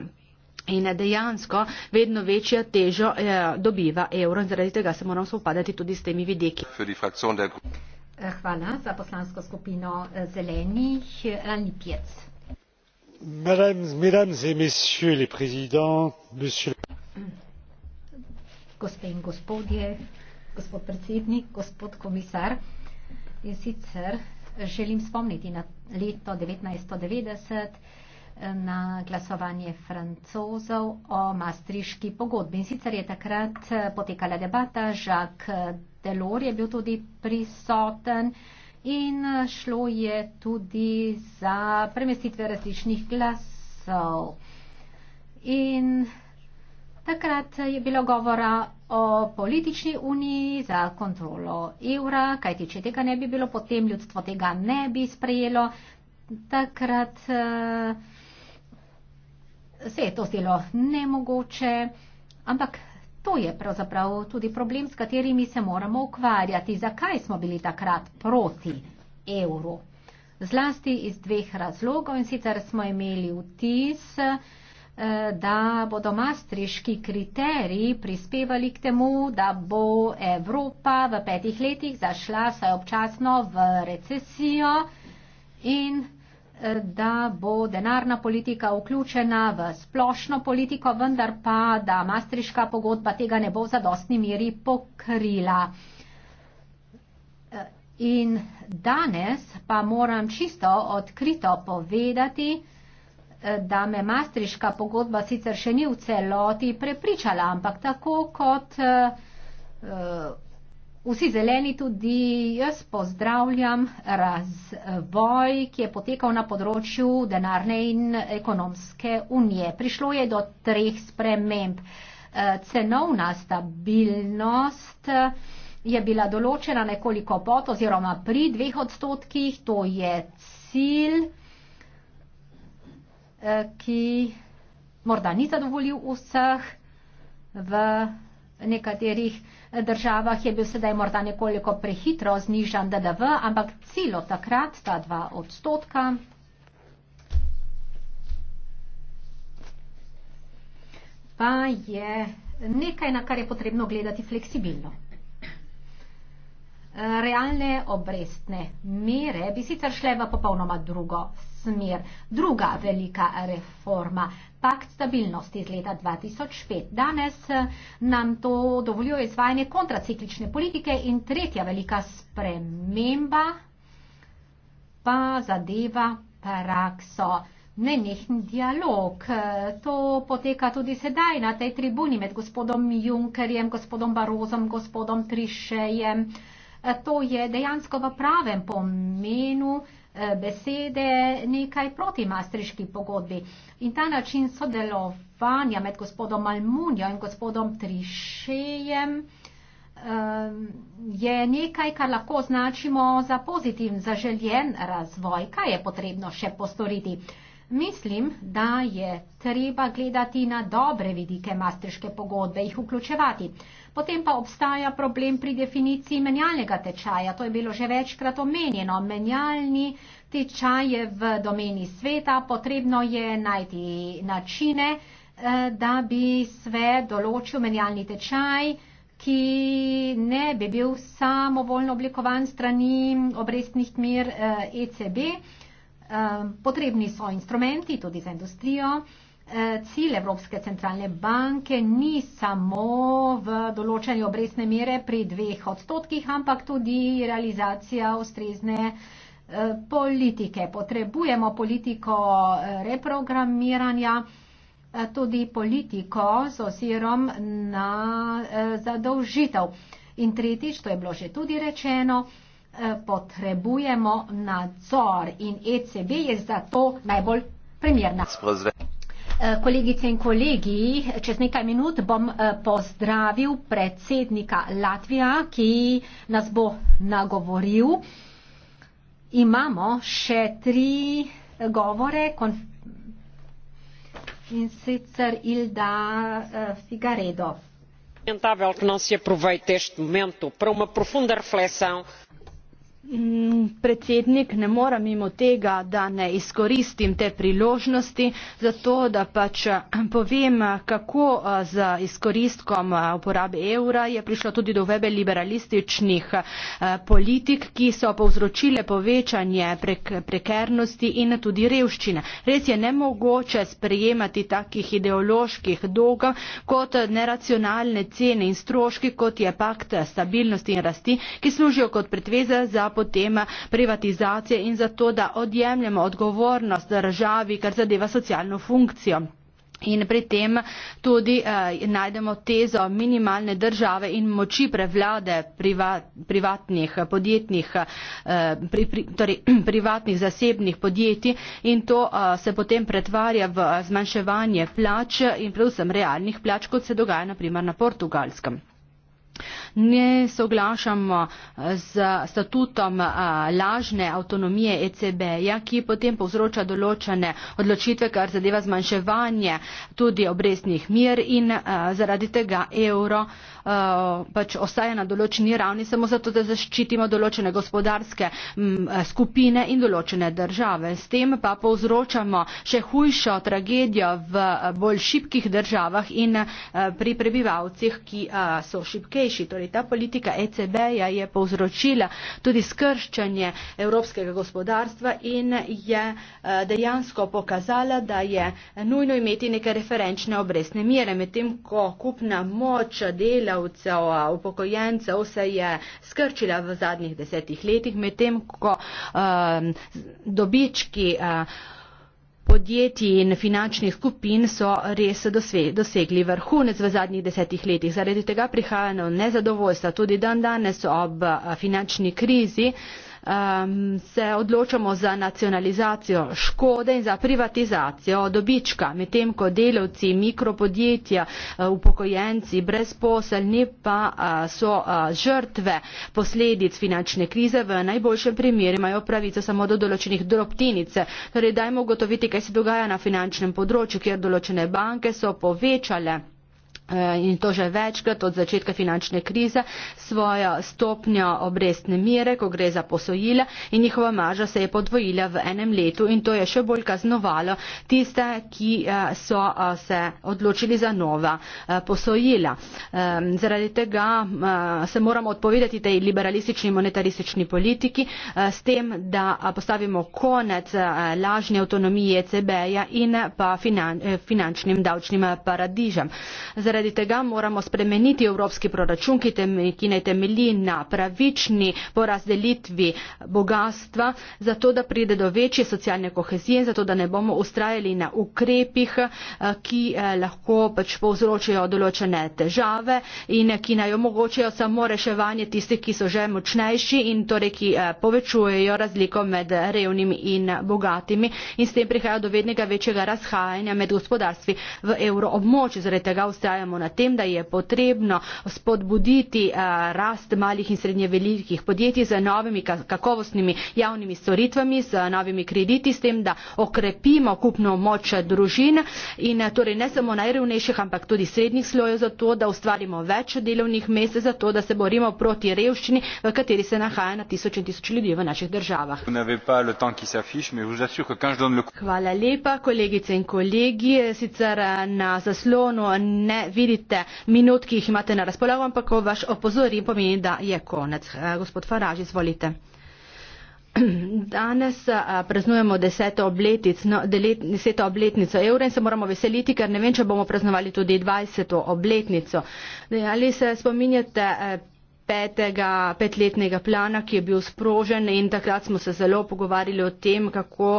In dejansko vedno večjo težo eh, dobiva evro in zaradi tega se moramo spopadati tudi s temi vidiki. Eh, hvala za poslansko skupino eh, zelenih. Eh, Ali pijec? Gospe in gospodje, gospod predsednik, gospod komisar, in sicer želim spomniti na leto 1990 na glasovanje francozov o mastriški pogodbi. In sicer je takrat eh, potekala debata, Žak Delor je bil tudi prisoten in eh, šlo je tudi za premestitve različnih glasov. In takrat je bilo govora o politični uniji za kontrolo evra, kajti če tega ne bi bilo, potem ljudstvo tega ne bi sprejelo. Takrat uh, Vse je to zelo nemogoče, ampak to je pravzaprav tudi problem, s katerimi se moramo ukvarjati. Zakaj smo bili takrat proti evru? Zlasti iz dveh razlogov in sicer smo imeli vtis, eh, da bodo mastriški kriteriji prispevali k temu, da bo Evropa v petih letih zašla saj občasno v recesijo in da bo denarna politika vključena v splošno politiko, vendar pa, da mastriška pogodba tega ne bo v zadostni miri pokrila. In danes pa moram čisto odkrito povedati, da me mastriška pogodba sicer še ni v celoti prepričala, ampak tako kot eh, Vsi zeleni tudi jaz pozdravljam razvoj, ki je potekal na področju denarne in ekonomske unije. Prišlo je do treh sprememb. Eh, cenovna stabilnost eh, je bila določena nekoliko pot oziroma pri dveh odstotkih, to je cilj, eh, ki morda ni zadovoljil vseh v nekaterih državah je bil sedaj morda nekoliko prehitro znižan DDV, ampak cilj od takrat, ta dva odstotka. pa je nekaj, na kar je potrebno gledati fleksibilno. Realne obrestne mere bi sicer šle v popolnoma drugo smer. Druga velika reforma, pakt stabilnosti iz leta 2005. Danes eh, nam to dovoljuje izvajanje kontraciklične politike in tretja velika sprememba pa zadeva prakso. Nenehni dialog. Eh, to poteka tudi sedaj na tej tribuni med gospodom Junkerjem, gospodom Barozom, gospodom Trišejem. Eh, to je dejansko v pravem pomenu Eh, besede nekaj proti mastriški pogodbi. In ta način sodelovanja med gospodom Malmunjo in gospodom Trišejem eh, je nekaj, kar lahko označimo za pozitiv, zaželjen razvoj. Kaj je potrebno še postoriti? Mislim, da je treba gledati na dobre vidike masterške pogodbe, jih vključevati. Potem pa obstaja problem pri definiciji menjalnega tečaja. To je bilo že večkrat omenjeno. Menjalni tečaj je v domeni sveta, potrebno je najti načine, eh, da bi svet določil menjalni tečaj ki ne bi bil samovoljno oblikovan strani obrestnih mir ECB, eh, e potrebni so instrumenti tudi za industrijo. E, cilj Evropske centralne banke ni samo v določanju obresne mere pri dveh odstotkih, ampak tudi realizacija ustrezne e, politike. Potrebujemo politiko e, reprogramiranja, tudi politiko z ozirom na zadolžitev. In tretjič, to je bilo že tudi rečeno, Eh, potrebujemo nadzor in ECB je zato najbolj primerna. Eh, kolegice in kolegi, čez nekaj minut bom eh, pozdravil predsednika Latvija, ki nas bo nagovoril. Imamo še tri govore in sicer Ilda Figaredo. Mm, predsednik, ne morem mimo tega, da ne izkoristim te priložnosti, zato da pač eh, povem, kako eh, z izkoristkom eh, uporabe evra je prišlo tudi do vebe liberalističnih politik, ki so povzročile povečanje prek, prekernosti in tudi revščine. Res je nemogoče sprejemati takih ideoloških dolgov kot neracionalne cene in stroški, kot je pakt stabilnosti in rasti, ki služijo kot pretveza za podpore tako tema privatizacije in zato, da odjemljamo odgovornost državi, kar zadeva socialno funkcijo. In pri tem tudi eh, najdemo tezo minimalne države in moči prevlade privat, privatnih, podjetnih, eh, pri, pri, torej privatnih zasebnih podjetij in to eh, se potem pretvarja v zmanjševanje plač in predvsem realnih plač, kot se dogaja naprimer na Portugalskem. Ne soglašamo eh, z statutom eh, lažne avtonomije ECB-ja, ki potem povzroča določene odločitve, kar zadeva zmanjševanje tudi obrestnih mir in eh, zaradi tega evro Eh, pač ostaje na določeni ravni samo zato, da zaščitimo določene gospodarske mm, eh, skupine in določene države. S tem pa povzročamo še hujšo tragedijo v eh, bolj šibkih državah in pri prebivalcih, ki so šibkejši. Torej, ta politika ECB-ja je povzročila tudi skrščanje evropskega gospodarstva in je dejansko pokazala, da je nujno imeti neke referenčne obrestne mere, medtem ko kupna moč dela delavcev, upokojencev se je skrčila v zadnjih desetih letih, medtem ko um, dobički um, podjetij in finančnih skupin so res dosegli vrhunec v zadnjih desetih letih. Zaradi tega prihajajo nezadovoljstva tudi dan danes ob uh, finančni krizi. Um, um, se odločamo za nacionalizacijo škode in za privatizacijo dobička, medtem ko delavci, mikropodjetja, eh, upokojenci, brezposelni pa uh, so uh, žrtve posledic finančne krize, v najboljšem primeru imajo pravico samo do določenih drobtinice. Torej, dajmo ugotoviti, kaj se dogaja na finančnem področju, kjer določene banke so povečale Eh, in to že večkrat od začetka finančne krize, svojo stopnjo obrestne mire, ko gre za posojila in njihova marža se je podvojila v enem letu in to je še bolj kaznovalo tiste, ki eh, so eh, se odločili za nova posojila. Zaradi tega se moramo odpovedati tej liberalistični in monetaristični politiki s tem, da postavimo konec lažni autonomiji ECB-ja in pa finančnim davčnim paradižam. Zaradi zaradi tega moramo spremeniti evropski proračun ki, temi, ki naj temelji na pravični porazdelitvi bogatstva zato da pride do večje socialne kohezije in zato da ne bomo ustrajali na ukrepih eh, ki eh, lahko pač povzročajo določene težave in eh, ki naj omogočajo samo reševanje tistih ki so že močnejši in torej ki povečujejo razliko med revnimi in bogatimi in s tem prihaja do vednega večjega razhajanja med gospodarstvi v evroobmočju zaradi tega ustrajamo vztrajamo na tem, da je potrebno spodbuditi eh, rast malih in srednje velikih podjetij z novimi kakovostnimi javnimi storitvami, z novimi krediti, s tem, da okrepimo kupno moč družin in eh, torej ne samo najrevnejših, ampak tudi srednjih slojev za to, da ustvarimo več delovnih mest, za to, da se borimo proti revščini, v kateri se nahaja na tisoče in tisoče ljudi v naših državah. Hvala lepa, kolegice in kolegi. Sicer eh, na zaslonu ne vidimo vidite minut, ki jih imate na razpolago, ampak ko vaš opozorim, pomeni, da je konec. Eh, gospod Faraž, izvolite. Danes eh, praznujemo deseto, no, deseto obletnico evra in se moramo veseliti, ker ne vem, če bomo praznovali tudi dvajseto obletnico. Ali se spominjate eh, petega, petletnega plana, ki je bil sprožen in takrat smo se zelo pogovarjali o tem, kako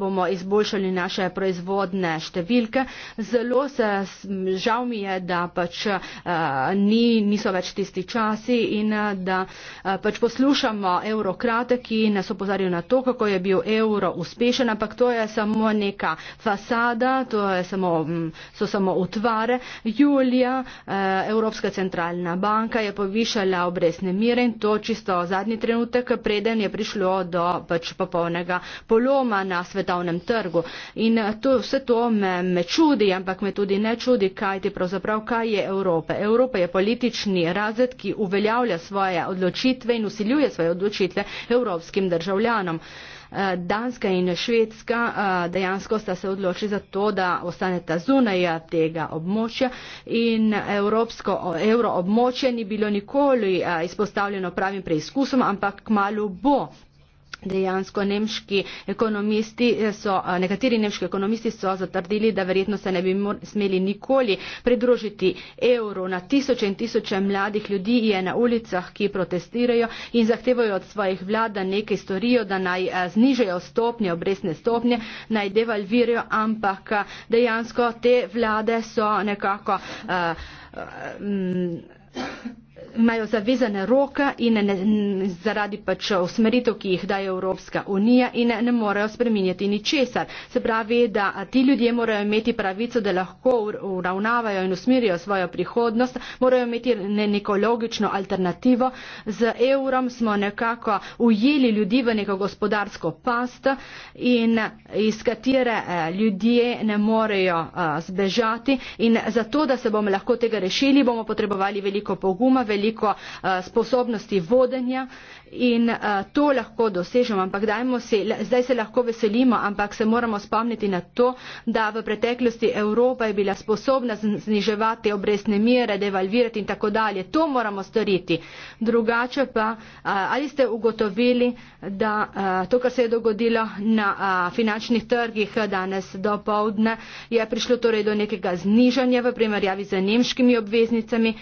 bomo izboljšali naše proizvodne številke. Zelo se, žal mi je, da pač ni, niso več tisti časi in da pač poslušamo eurokrate, ki nas opozarjajo na to, kako je bil euro uspešen, ampak to je samo neka fasada, to samo, so samo utvare. Julija Evropska centralna banka je povišala brez nemire in to čisto zadnji trenutek, preden je prišlo do pač popolnega poloma na svetovnem trgu. In eh, to, vse to me, me čudi, ampak me tudi ne čudi, kaj ti pravzaprav, kaj je Evropa. Evropa je politični razred, ki uveljavlja svoje odločitve in usiljuje svoje odločitve evropskim državljanom. Danska in Švedska eh, dejansko sta se odločili za to, da ostaneta zunaj eh, tega območja in evroobmočje ni bilo nikoli eh, izpostavljeno pravim preizkusom, ampak k malu bo dejansko nemški ekonomisti so, eh, nekateri nemški ekonomisti so zatrdili, da verjetno se ne bi smeli nikoli pridružiti evru. Na tisoče in tisoče mladih ljudi je na ulicah, ki protestirajo in zahtevajo od svojih vlad, da nekaj storijo, da naj eh, znižajo stopnje, obresne stopnje, naj devalvirajo, ampak eh, dejansko te vlade so nekako uh, um, imajo zavezane roke in ne, zaradi pač usmeritev, ki jih daje Evropska unija in ne, ne morejo spreminjati ničesar. Se pravi, da ti ljudje morajo imeti pravico, da lahko uravnavajo in usmerijo svojo prihodnost, morajo imeti ne, neko logično alternativo. Z evrom smo nekako ujeli ljudi v neko gospodarsko past in iz katere eh, ljudje ne morejo eh, zbežati in zato, da se bomo lahko tega rešili, bomo potrebovali veliko poguma, veliko eh, sposobnosti vodenja in eh, to lahko dosežemo ampak dajmo si zdaj se lahko veselimo ampak se moramo spomniti na to da v preteklosti Evropa je bila sposobna zniževati obrestne mere devalvirati in tako dalje to moramo storiti drugače pa eh, ali ste ugotovili da to kar se je dogodilo na finančnih trgih danes do povdne je prišlo torej do nekega znižanja v primerjavi z nemškimi obveznicami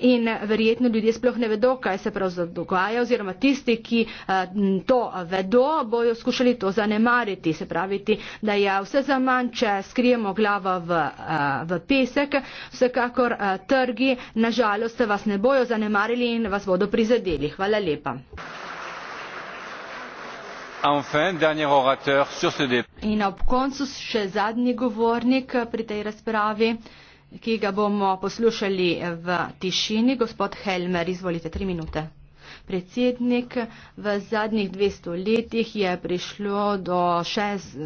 in verjetno ljudje sploh ne vedo, kaj se pravzaprav dogaja oziroma tisti, ki eh, to vedo, bojo skušali to zanemariti. Se pravi, da je vse za manj, če skrijemo glava v, eh, v pesek, vsekakor eh, trgi nažalost vas ne bojo zanemarili in vas bodo prizadeli. Hvala lepa. Enfin, dernier orateur sur ce débat. In ob koncu še zadnji govornik pri tej razpravi ki ga bomo poslušali v tišini. Gospod Helmer, izvolite tri minute predsednik. V zadnjih 200 letih je prišlo do šest,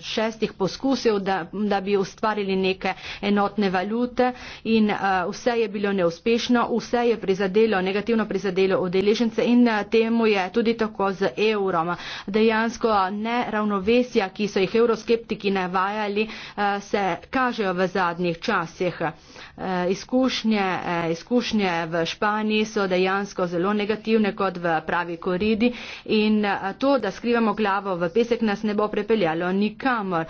šestih poskusov, da, da bi ustvarili neke enotne valute in uh, vse je bilo neuspešno, vse je prizadelo, negativno prizadelo odeležence in uh, temu je tudi tako z evrom. Dejansko neravnovesja, ki so jih euroskeptiki navajali, uh, se kažejo v zadnjih časih. Uh, Eh, izkušnje, eh, izkušnje v Španiji so dejansko zelo negativne kot v pravi koridi in eh, to, da skrivamo glavo v pesek, nas ne bo prepeljalo nikamor.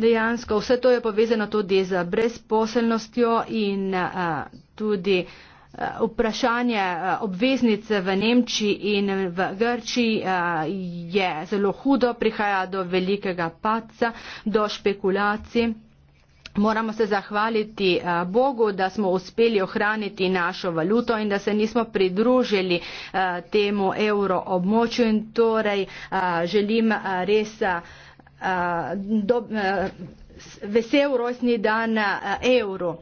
Dejansko vse to je povezano tudi z brezposelnostjo in tudi vprašanje obveznic v Nemčiji in v Grčiji je zelo hudo, prihaja do velikega paca, do špekulacij. Moramo se zahvaliti eh, Bogu, da smo uspeli ohraniti našo valuto in da se nismo pridružili eh, temu euroobmočju in torej eh, želim res do, vesel rojstni dan evru.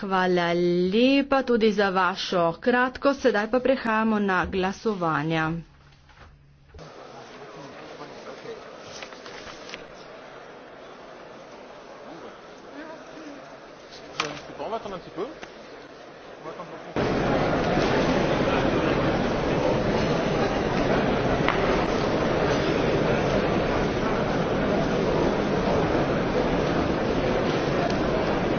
Hvala lepa tudi za vašo kratko, sedaj pa prehajamo na glasovanja. un petit peu.